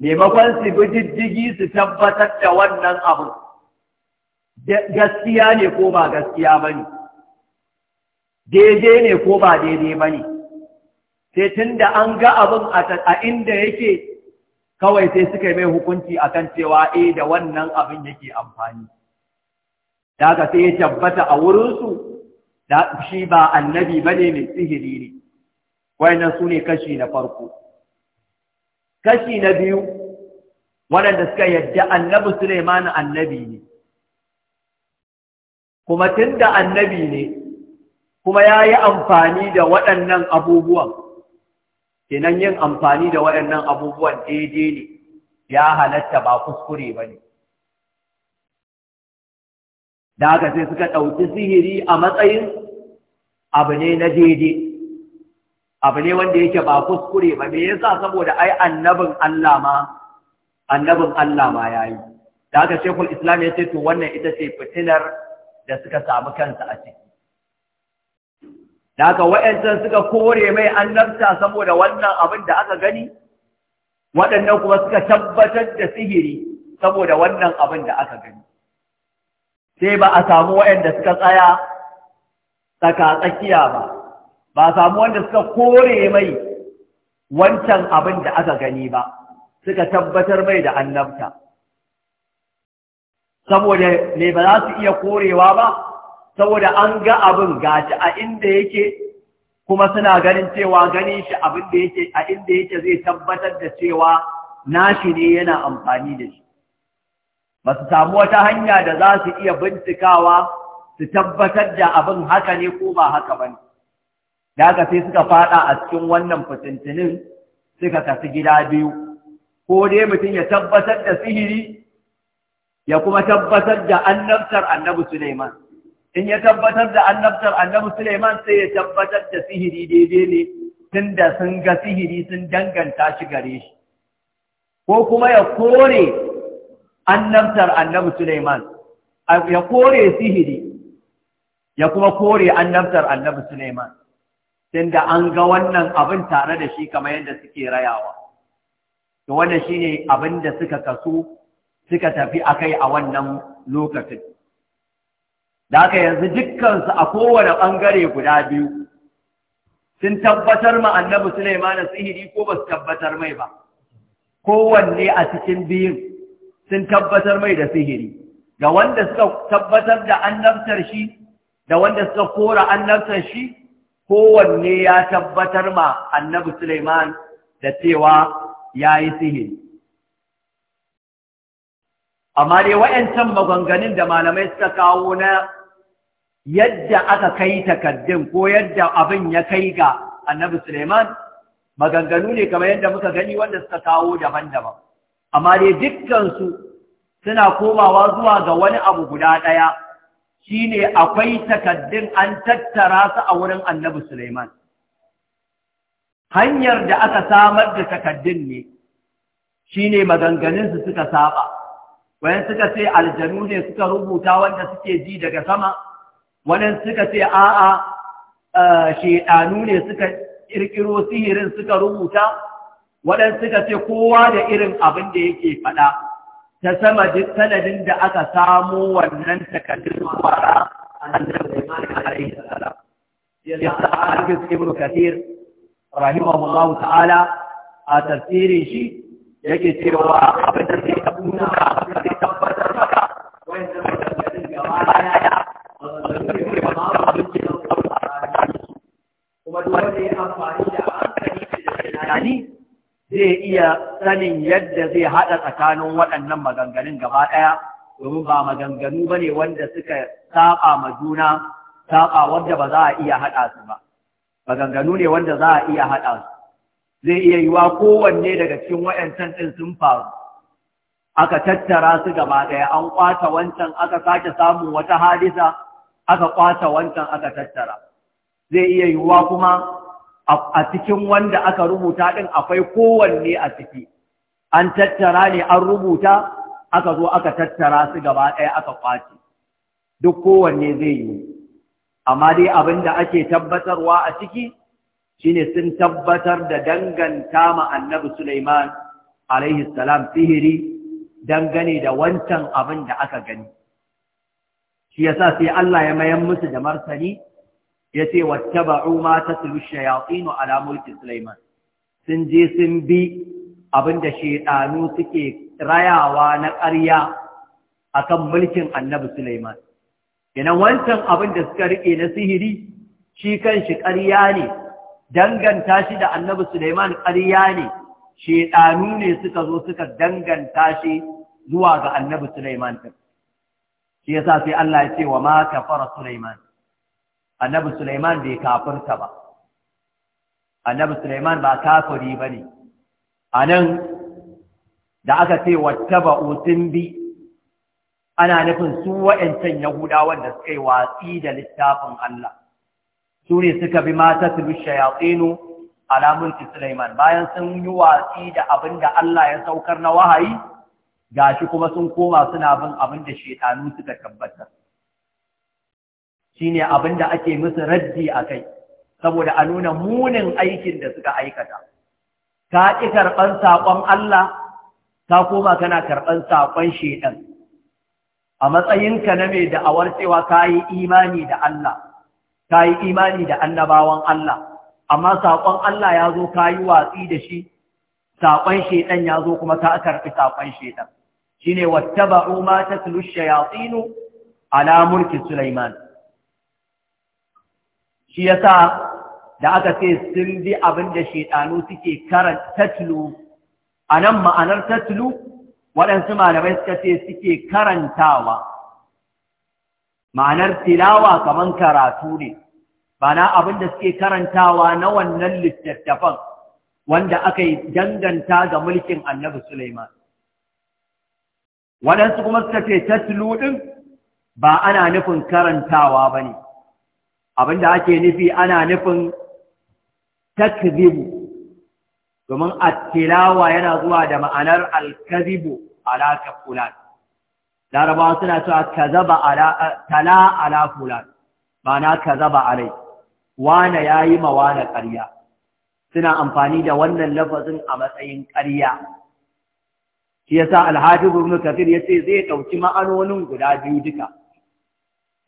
maimakon su bi diddigi su tabbatar da wannan abu gaskiya ne ko ba gaskiya ba ne daidai ne ko ba daidai ba ne sai tun da an ga abin a inda yake kawai sai suka yi mai hukunci a kan cewa e da wannan abin yake amfani da sai ya tabbata a wurinsu shi ba annabi ba ne mai sihiri ne wayannan su ne kashi na farko kashi na biyu waɗanda suka yadda annabi Suleiman annabi ne kuma tunda annabi ne kuma ya yi amfani da waɗannan abubuwan kenan yin amfani da waɗannan abubuwan daidai ne ya halatta ba kuskure ba ne da sai suka ɗauki sihiri a matsayin abu ne na daidai abu ne wanda yake ba kuskure ba me yasa saboda ai annabin Allah ma annabin Allah ma yayi da haka shekul islam ya ce to wannan ita ce fitinar da suka samu kansa a ciki da haka wa'yancan suka kore mai annabta saboda wannan abin da aka gani waɗannan kuma suka tabbatar da sihiri saboda wannan abin da aka gani sai ba a samu wa'yanda suka tsaya tsaka tsakiya ba ba samu wanda suka kore mai wancan abin da aka gani ba suka tabbatar mai da annabta saboda me ba za su iya korewa ba saboda an ga abin gashi a inda yake kuma suna ganin cewa gani shi abin da yake a inda yake zai tabbatar da cewa nashi ne yana amfani da shi ba su samu wata hanya da za su iya bincikawa su tabbatar da abin haka ne ko ba haka ba da haka sai suka fada a cikin wannan fitintinin suka kasu gida biyu ko dai mutum ya tabbatar da sihiri ya kuma tabbatar da annabtar annabi Suleiman in ya tabbatar da annabtar annabi Suleiman sai ya tabbatar da sihiri daidai ne tunda sun ga sihiri sun danganta shi gare shi ko kuma ya kore annabtar annabi Suleiman ya kore sihiri ya kuma kore annabtar annabi Suleiman tunda an ga wannan abin tare da shi kamar yadda suke rayawa to wannan ne abin da suka kasu suka tafi a kai a wannan lokacin da aka yanzu dukkansu a kowane ɓangare guda biyu sun tabbatar ma annabi Sulaiman sihiri ko ba su tabbatar mai ba kowanne a cikin biyun sun tabbatar mai da sihiri ga wanda suka tabbatar da annabtar shi da wanda suka kora annabtar shi kowanne ya tabbatar ma annabi Suleiman da cewa ya yi sihiri. Amma dai wa'yancan maganganun da malamai suka kawo na yadda aka kai takardun ko yadda abin ya kai ga annabi Suleiman, maganganu ne kamar yadda muka gani wanda suka kawo daban-daban. Amma dai dukkansu suna komawa zuwa ga wani abu guda ɗaya. shine akwai takaddun an tattara su a wurin annabi Suleiman. hanyar da aka samar da takaddun ne shine ne maganganinsu suka saba Wani suka ce aljanu ne suka rubuta wanda suke ji daga sama Wani suka ce a'a shedanu ne suka kirkiro sihirin suka rubuta Wani suka ce kowa da irin abin da yake faɗa ta sama duk sanadin da aka samo wannan takardun kwara annabi alaihi salam ya sa hafiz ibnu kathir rahimahullahu ta'ala a tafsirin shi yake cewa abin da zai tabbata da zai tabbatar maka wanda zai gaba ya kuma duk wanda ya amfani da hankali da tunani zai iya sanin yadda zai haɗa tsakanin waɗannan maganganun gaba ɗaya domin ba maganganu ba ne wanda suka saƙa ma juna saƙa wanda ba za a iya haɗa su ba maganganu ne wanda za a iya haɗa su zai iya yiwa kowanne daga cikin waɗancan ɗin sun faru aka tattara su gaba ɗaya an ƙwata wancan aka sake samun wata hadisa aka ƙwata wancan aka tattara zai iya yiwuwa kuma a cikin wanda aka rubuta ɗin akwai kowanne a ciki an tattara ne an rubuta aka zo aka tattara su gaba ɗaya aka kwace duk kowanne zai yi amma dai abin da ake tabbatarwa a ciki shine sun tabbatar da danganta ma annabi Sulaiman alaihi salam sihiri dangane da wancan abin da aka gani shi yasa sai Allah ya mayan musu da martani yace wattaba'u ma tatlu shayatin ala mulki sulaiman sun je sun bi abinda shedanu suke rayawa na ƙarya akan mulkin annabi sulaiman Ina wancan abin da suka riƙe na sihiri shi kan shi ƙarya ne danganta shi da annabi Suleiman ƙarya ne shedanu ne suka zo suka danganta shi zuwa ga annabi Suleiman din shi yasa sai Allah ya ce wa ma kafara Suleiman annabi Sulaiman bai kafirta ba annabi Sulaiman ba kafiri bane anan da aka ce wattaba utin bi ana nufin su waɗancan Yahuda da suka yi watsi da littafin Allah su ne suka bi mata su bi shayatinu ala mulki Sulaiman bayan sun yi watsi da abin da Allah ya saukar na wahayi gashi kuma sun koma suna bin abin da shaitanu suka tabbatar shine abin da ake musu raddi a kai saboda a nuna munin aikin da suka aikata ka ƙi karɓar saƙon Allah Ta koma kana karɓar saƙon shaiɗan a matsayinka na mai da'awar cewa ka yi imani da Allah ka yi imani da annabawan Allah amma saƙon Allah ya zo ka yi watsi da shi saƙon shaiɗan ya zo kuma ka karɓi saƙon shaidan shine wattaba'u ma tatlu shayatin ala mulki Sulaiman shi yasa da aka ce sun bi abin da shaidanu suke karanta tatlu a nan ma'anar tatlu waɗansu malamai suka ce suke karantawa ma'anar tilawa kamar karatu ne ba na abin da suke karantawa na wannan littattafan wanda aka yi danganta ga mulkin annabi Suleiman. Waɗansu kuma suka ce tatlu ɗin ba ana nufin karantawa ba ne. Abin da ake nufi ana nufin takzibu domin attilawa yana zuwa da ma'anar alkazibu ala kafulan larabawa suna cewa kazaba ala tala ala fulan ma'ana kazaba alai wane yayi ma wane ƙarya suna amfani da wannan lafazin a matsayin ƙarya shi yasa alhaji ibn kafir ce zai ɗauki ma'anonin guda biyu duka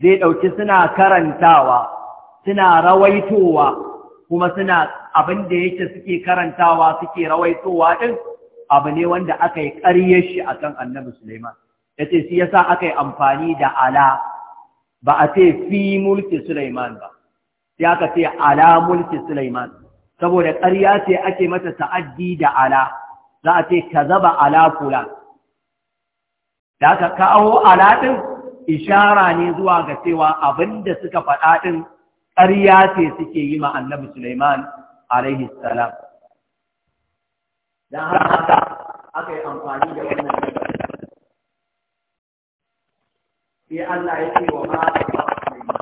zai ɗauki suna karantawa suna rawaitowa kuma suna abin da yake suke karantawa suke rawaitowa ɗin abu ne wanda aka yi ƙaryar shi akan annabi Sulaiman yace shi yasa aka yi amfani da ala ba a ce fi mulki Sulaiman ba sai aka ce ala mulki Sulaiman saboda ƙarya ce ake mata ta'addi da ala za a ce ka zaba ala kula da aka kawo ala ɗin ishara ne zuwa ga cewa abinda suka faɗa din ƙarya ce suke yi ma annabi Sulaiman alaihi salam dan haka aka yi amfani da wannan sai Allah ya ce wa ma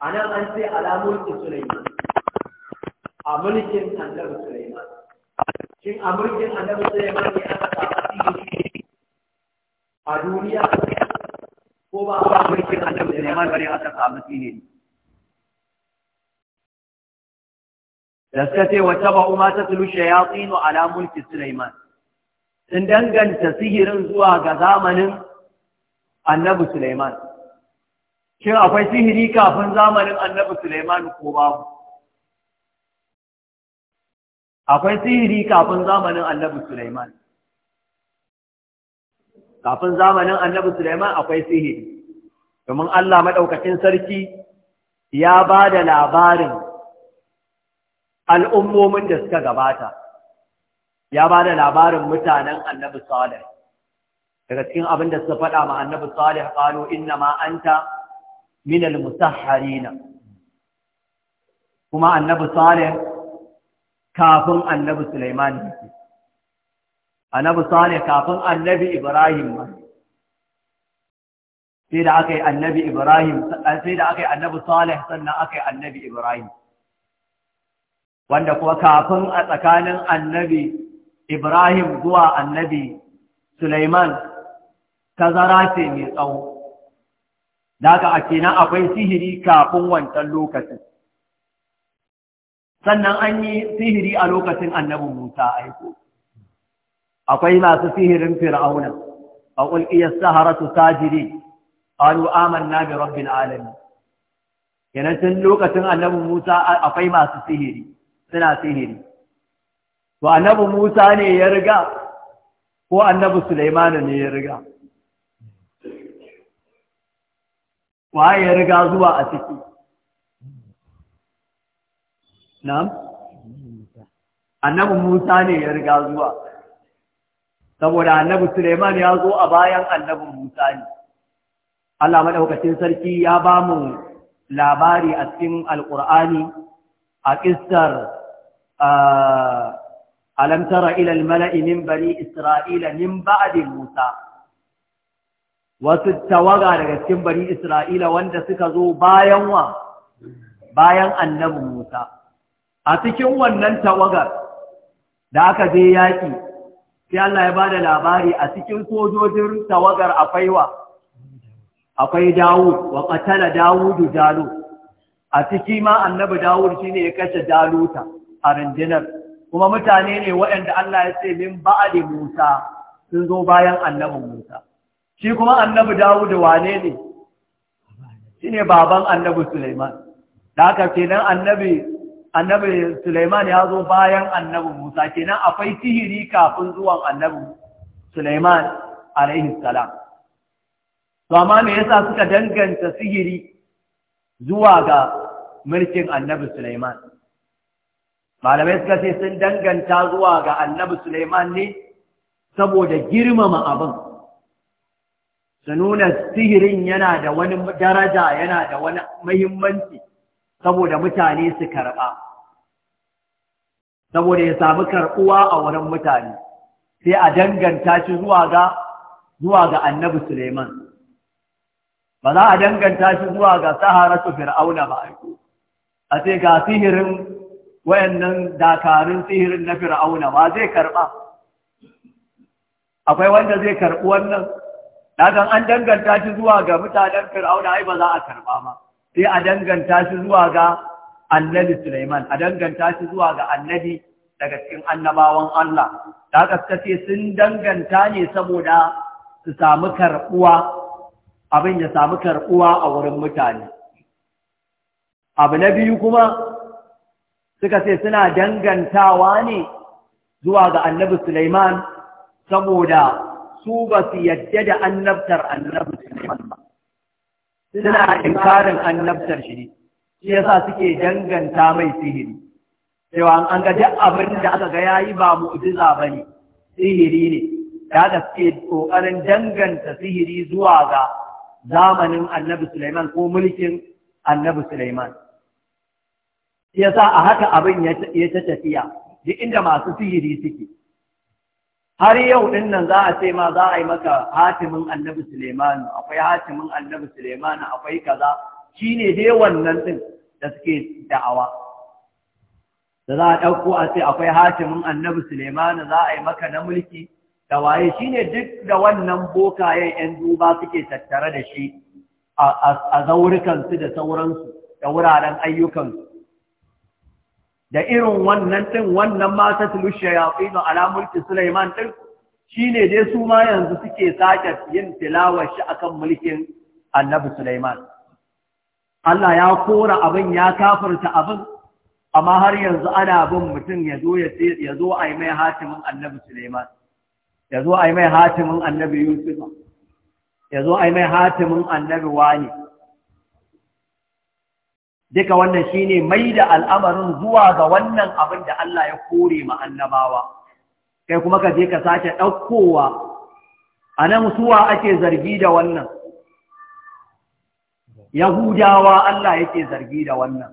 a nan an ce alamulki Suleiman. a mulkin annabi Suleiman. shin a mulkin annabi Sulaiman ne aka samu a duniya ko ba a mulkin annabi Sulaiman bane aka samu sihiri da suka ce wa ba, Umar ta tulu shayatin ala mulki Suleiman. sun danganta sihirin zuwa ga zamanin annabi Suleiman. shin akwai sihiri kafin zamanin annabi Suleiman ko babu akwai sihiri kafin zamanin annabi Suleiman. kafin zamanin annabi Sulaiman akwai sihiri domin Allah maɗaukacin sarki ya ba da labarin al'ummomin da suka gabata ya ba da labarin mutanen annabi Salih daga cikin abin da suka faɗa ma annabi Salih ƙano inna ma minal musaharina kuma annabi Salih kafin annabi Sulaiman ne annabi salih kafin annabi ibrahim ma sai da aka yi annabi ibrahim sai da aka yi annabi salih sannan aka yi annabi ibrahim wanda kuwa kafin a tsakanin annabi ibrahim zuwa annabi suleiman tazara ce mai tsawo da aka ake na akwai sihiri kafin wancan lokacin sannan an yi sihiri a lokacin annabin musa aiko akwai masu sihirin fir'auna a ƙulƙiyar saharatu sajiri qalu amanna bi rabbil alamin kenan tun lokacin annabi Musa akwai masu sihiri suna sihiri to annabi Musa ne ya riga ko annabi Sulaiman ne ya riga waye ya riga zuwa a ciki na'am annabi Musa ne ya riga zuwa saboda annabi Suleiman ya zo a bayan annabin Musa ne Allah madaukakin sarki ya ba mu labari a cikin alqur'ani a kissar ah, alam tara ila malai min bani isra'ila min ba'di Musa wasu tawaga daga cikin bani Isra'ila wanda suka zo bayan wa bayan annabi Musa a cikin wannan tawagar da aka je yaƙi sai Allah ya bada labari a cikin sojojin tawagar akwai akwai Dawud wa qatala Dawudu Jalut a ciki ma annabi Dawud ne ya kashe Jaluta a rundunar kuma mutane ne waɗanda Allah ya ce min ba'di Musa sun zo bayan Annabin Musa shi kuma annabi Dawud wane ne Shi ne baban annabi Sulaiman da haka kenan annabi annabi Sulaiman ya zo bayan annabi Musa kenan akwai sihiri kafin zuwan annabi Sulaiman alaihi salam to amma me yasa suka danganta sihiri zuwa ga mulkin annabi Sulaiman malamai suka ce sun danganta zuwa ga annabi Sulaiman ne saboda girmama abin su nuna sihirin yana da wani daraja yana da wani muhimmanci saboda mutane su karɓa saboda ya sami karɓuwa a wurin mutane sai a danganta shi zuwa ga zuwa ga annabi Suleiman ba za a danganta shi zuwa ga Sahara su fir'auna ba aiko a ce ga sihirin wayannan dakarun sihirin na fir'auna ba zai karɓa akwai wanda zai karɓi wannan dakan an danganta shi zuwa ga mutanen fir'auna ai ba za a karɓa ba sai a danganta shi zuwa ga annabi Sulaiman a danganta shi zuwa ga annabi daga cikin annabawan Allah da haka ce sun danganta ne saboda su samu karɓuwa abin ya samu karɓuwa a wurin mutane abu na biyu kuma suka ce suna dangantawa ne zuwa ga annabi Sulaiman saboda su ba su yadda da annabtar annabi Sulaiman ba suna inkarin annabtar shi shi yasa suke danganta mai sihiri cewa an ga duk abin da aka ga yayi ba mu'jiza bane sihiri ne da da suke kokarin danganta sihiri zuwa ga zamanin annabi Sulaiman ko mulkin annabi Sulaiman shi yasa a haka abin ya ta tafiya duk inda masu sihiri suke har yau din nan za a ce ma za a yi maka hatimin annabi Suleimanu akwai hatimin annabi Suleimanu akwai kaza shine dai wannan din da suke da'awa da za a ɗauko a ce akwai hatimin annabi Suleimanu za a yi maka na mulki da waye shine duk da wannan bokayen yan duba suke tattare da shi a zaurukansu da sauransu da wuraren ayyukansu da irin wannan ɗin wannan ma ta tulushe ya fi ala mulki Sulaiman ɗin shine dai su ma yanzu suke sake yin tilawar shi akan mulkin annabi Sulaiman. Allah ya kora abin ya kafirta abin amma har yanzu ana bin mutum ya zo ya zo a yi mai hatimin annabi Sulaiman ya zo a yi mai hatimin annabi Yusuf ya zo a yi mai hatimin annabi Wani duka wannan shine mai da al'amarin zuwa ga wannan abin da Allah ya kore ma kai kuma ka je ka sake ɗaukowa a nan suwa ake zargi da wannan yahudawa Allah yake zargi da wannan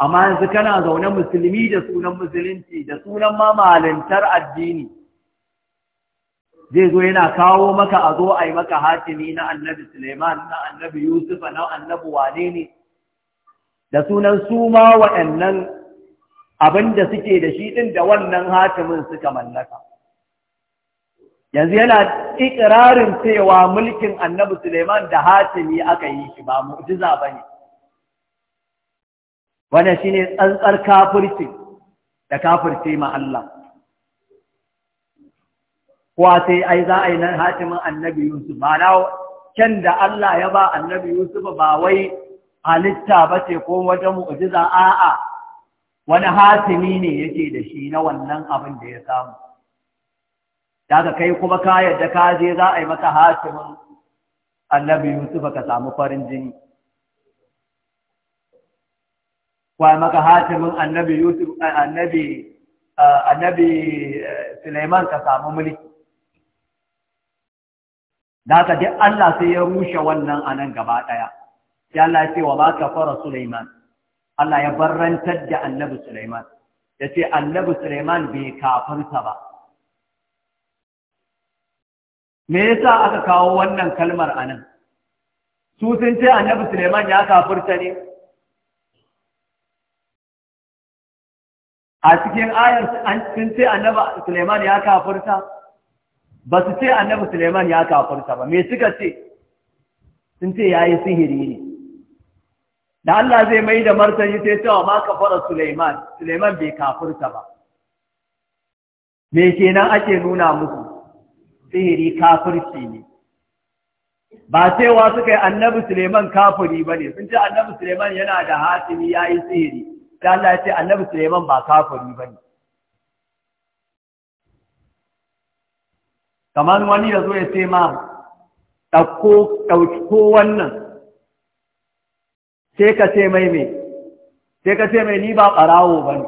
amma yanzu kana zaune musulmi da sunan musulunci da sunan ma addini zai zo yana kawo maka a zo a yi maka hatimi na annabi suleiman na annabi yusuf na annabi wane ne da sunan su ma waɗannan abin da suke da shi ɗin da wannan hatimin suka mallaka. Yanzu yana ikirarin cewa mulkin annabi Suleiman da hatimi aka yi shi ba mu'jiza ba ne. Wane shi ne tsantsar kafirci da kafirce ma Allah. Kuwa sai ai za a yi nan hatimin annabi Yusuf, ba na da Allah ya ba annabi Yusuf ba wai halitta ba ce ko wata mu'jiza a'a wani hasimi ne yake da shi na wannan abin da ya samu daga kai kuma ka yadda ka je za a yi maka hasimin annabi yusuf ka samu farin jini kwa maka hasimin annabi yusuf eh, annabi eh, annabi eh, suleiman ka samu mulki daga duk Allah sai ya rushe wannan anan gaba ɗaya. sai Allah ya ce wa ma fara Sulaiman Allah ya barrantar da Annabi Sulaiman ce Annabi Sulaiman bai kafarta ba me yasa aka kawo wannan kalmar anan su sun ce Annabi Sulaiman ya kafirta ne a cikin ayar sun ce Annabi Sulaiman ya kafirta ba su ce Annabi Sulaiman ya kafirta ba me suka ce sun ce yayi sihiri ne da Allah zai mai da martani sai cewa ma kafara Sulaiman Sulaiman bai kafurta ba me kenan ake nuna musu sihiri kafirci ne ba cewa suka yi annabi Suleiman kafiri ba ne sun ce annabi Suleiman yana da hatimi ya yi sihiri Da Allah ya ce annabi Suleiman ba kafiri ba ne kamar wani ya zo ya ce ma ɗauko wannan sai ka ce mai mai sai ka ce mai ni ba ɓarawo ba ne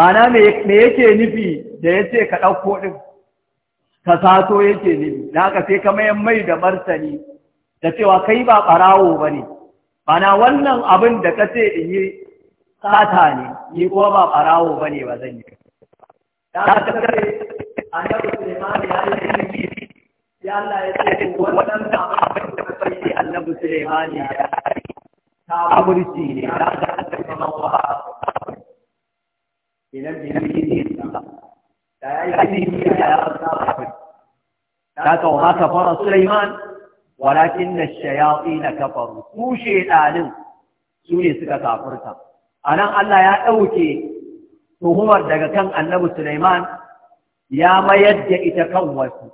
mana me yake nufi da ya ce ka ɗauko ɗin ka sato yake nufi da haka sai ka mayan mai da martani da cewa kai ba ɓarawo ba ne mana wannan abin da ka ce in yi sata ne ni kuma ba ɓarawo ba ne ba zan yi da ya yi Allah ya ce wannan abin da kai Allah Musulmani ya yi kafirci ne na idan na yi Sulaiman walakin ash-shayatin kafaru su shedanin su ne suka A anan Allah ya ɗauke tuhumar daga kan Annabi Sulaiman ya mayar da ita kan wasu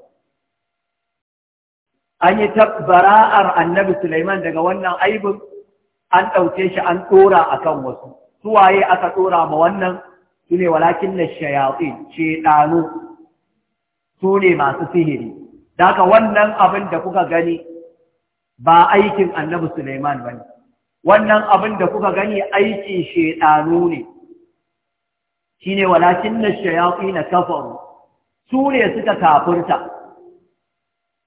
an yi bara'ar annabi Sulaiman daga wannan aibin an ɗauke shi an ɗora a kan wasu suwaye aka ɗora ma wannan su ne walakin na shayatsi ce ɗanu su ne masu sihiri Daka wannan abin da kuka gani ba aikin annabi suleiman ba ne wannan abin da kuka gani aikin shaiɗanu ne shi ne walakin na shayatsi na kafaru su ne suka kafurta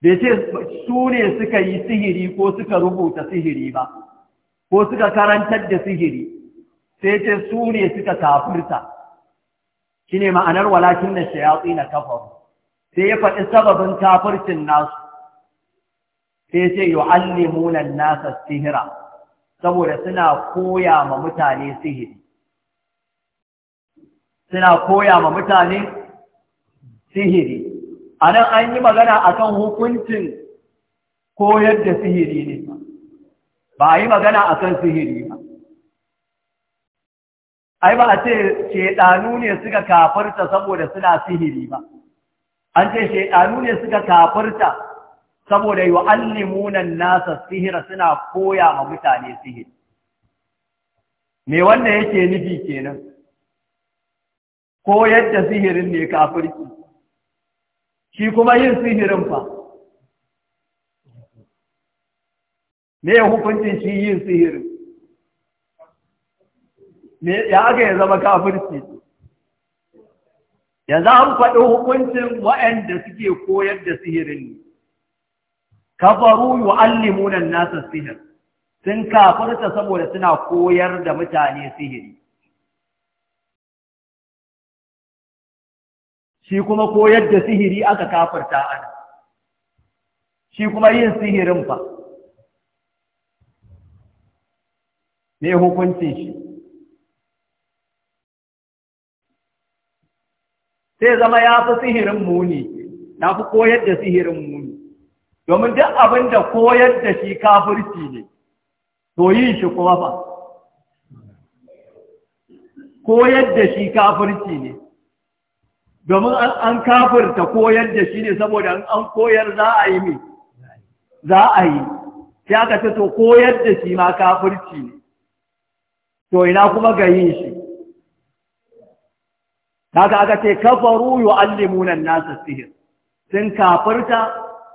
bai ce su ne suka yi sihiri ko suka rubuta sihiri ba ko suka karantar da sihiri sai ce su ne suka kafirta shi ne ma'anar walakin da shayatsi na kafar sai ya faɗi sababin kafircin nasu sai ce yi allimunan nasa sihira saboda suna koya ma mutane sihiri suna koya ma mutane sihiri a nan an yi magana akan hukuncin koyar da sihiri ne ba a yi magana a kan sihiri ba ai ba a ce shaidanu ne suka kafarta saboda suna sihiri ba an ce shaidanu ne suka kafarta saboda yi wa'allimunan nasa sihira suna koya ma mutane sihiri me wanda yake nufi kenan ko yadda sihirin ne kafirki shi kuma yin sihirin fa me ya hukuncin shi yin sihiri me ya aka ya zama kafirci yanzu an faɗi hukuncin wa'anda suke koyar da sihirin kafaru yu'allimuna an-nasa sihir sun kafirta saboda suna koyar da mutane sihiri shi kuma koyar da sihiri aka kafirta ana shi kuma yin sihirin fa me hukuncin shi sai zama ya fi sihirin muni ya fi koyar da sihirin muni domin duk abin da koyar da shi kafirci ne to yi shi kuma ba koyar da shi kafirci ne domin an kafirta koyar da shi ne saboda an koyar za a yi mai za a yi ya ka ce to koyar da shi ma kafirci ne to ina kuma ga yin shi daga aka ce kafaru yu'allimuna an-nasa sihir sun kafirta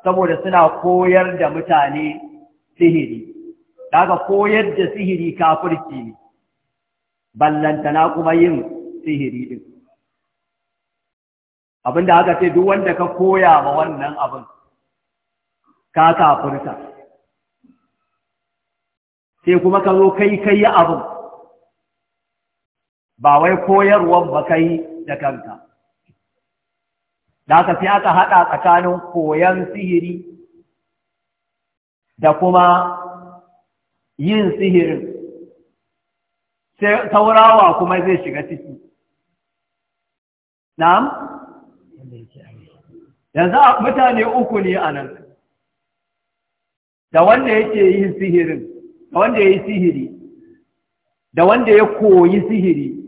saboda suna koyar da mutane sihiri daga koyar da sihiri kafirci ne na kuma yin sihiri din abinda aka ce duk wanda ka koya ma wannan abin ka kafirta sai kuma ka zo kai kai abin ba wai koyarwar ba kai da kanka da aka sai aka haɗa tsakanin koyan sihiri da kuma yin sihirin Saurawa kuma zai shiga ciki na'am yanzu mutane uku ne a nan da wanda yake yin sihirin da wanda ya yi sihiri da wanda ya koyi sihiri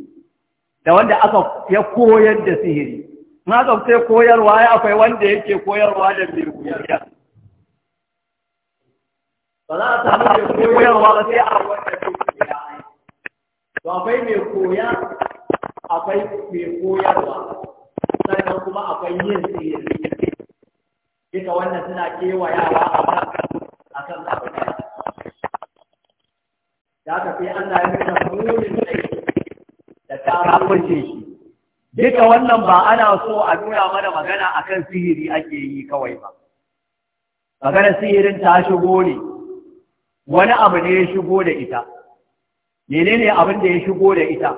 da wanda aka ya koyar da sihiri na zafte koyarwa ya akwai wanda yake koyarwa da mai koyarwa ba za a samu mai koyarwa ba sai a wanda ke koya to akwai mai koya akwai mai koyarwa sannan kuma akwai yin sihiri duka wannan suna kewayawa a kan a kan zafi da aka fi Allah ya nuna munin aiki da ta shi duka wannan ba ana so a nuna mana magana akan sihiri ake yi kawai ba magana sihirin ta shigo ne wani abu ne ya shigo da ita menene abin da ya shigo da ita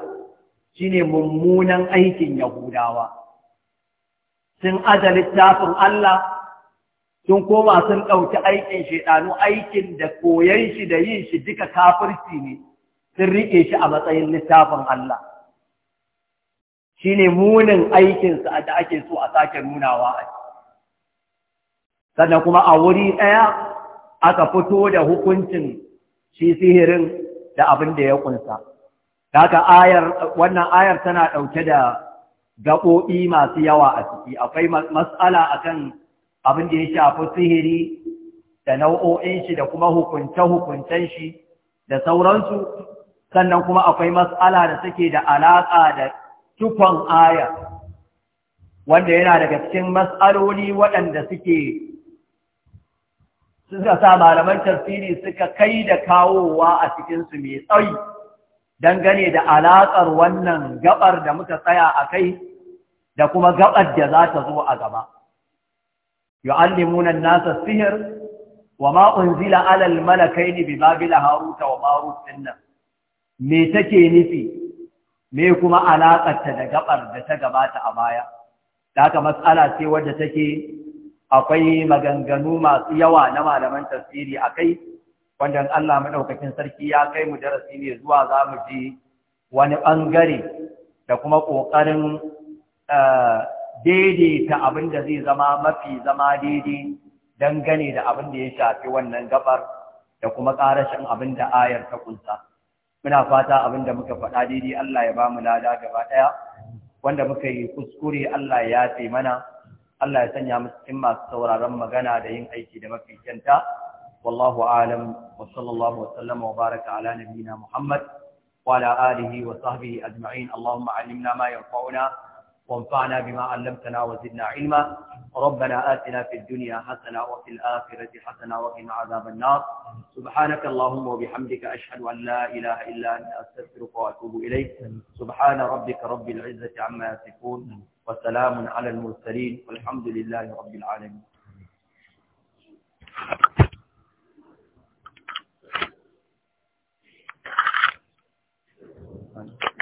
shine mummunan aikin yahudawa sun aza littafin Allah sun koma sun ɗauki aikin shaidanu aikin da koyan shi da yin shi duka kafirci ne sun riƙe shi a matsayin littafin Allah Shi ne munin aikinsa da ake so a sake nunawa a sannan kuma a wuri ɗaya aka fito da hukuncin shi sihirin da abin da ya kunsa haka ayar wannan ayar tana ɗauke da gaɓoɓi masu yawa a ciki akwai mas'ala akan abin da ya shafi sihiri da nau'o'in shi da kuma hukunce-hukuncen shi da sauransu sannan kuma akwai mas'ala da suke da alaƙa da tukon aya wanda yana daga cikin mas'aloli waɗanda suke suka sa malaman tafsiri suka kai da kawowa a cikinsu mai tsayi dangane da alaƙar wannan gabar da muka tsaya a kai da kuma gabar da za ta zo a gaba. Yu'allimunan nasa sihir wa ma'unzila alal malakai ne bi babila haruta wa marut nan. Me take nufi me kuma alaƙarta da gabar da ta gabata a baya da haka matsala ce wadda take akwai maganganu masu yawa na malaman tafsiri a kai wanda Allah maɗaukakin sarki ya kai mu darasi ne zuwa za mu ji wani ɓangare da kuma ƙoƙarin eh, daidaita abin da zai zama mafi zama daidai dangane da abin da ya shafi wannan gabar da kuma ƙarashin abin da ayar ta kunsa. muna fata abin da muka faɗa daidai Allah ya ba mu lada gaba ɗaya wanda muka yi kuskure Allah ya yafe mana Allah ya sanya mu cikin masu sauraron magana da yin aiki da mafi kyanta wallahu alam wa sallallahu wa sallama wa baraka ala nabiyina Muhammad wa ala alihi wa sahbihi ajma'in Allahumma allimna ma yanfa'una bima, allamtana علمتنا وزدنا ilma. ربنا آتنا في الدنيا حسنة وفي الآخرة حسنة وقنا عذاب النار سبحانك اللهم وبحمدك أشهد أن لا إله إلا أنت أستغفرك وأتوب إليك سبحان ربك رب العزة عما يصفون وسلام على المرسلين والحمد لله رب العالمين Thank you.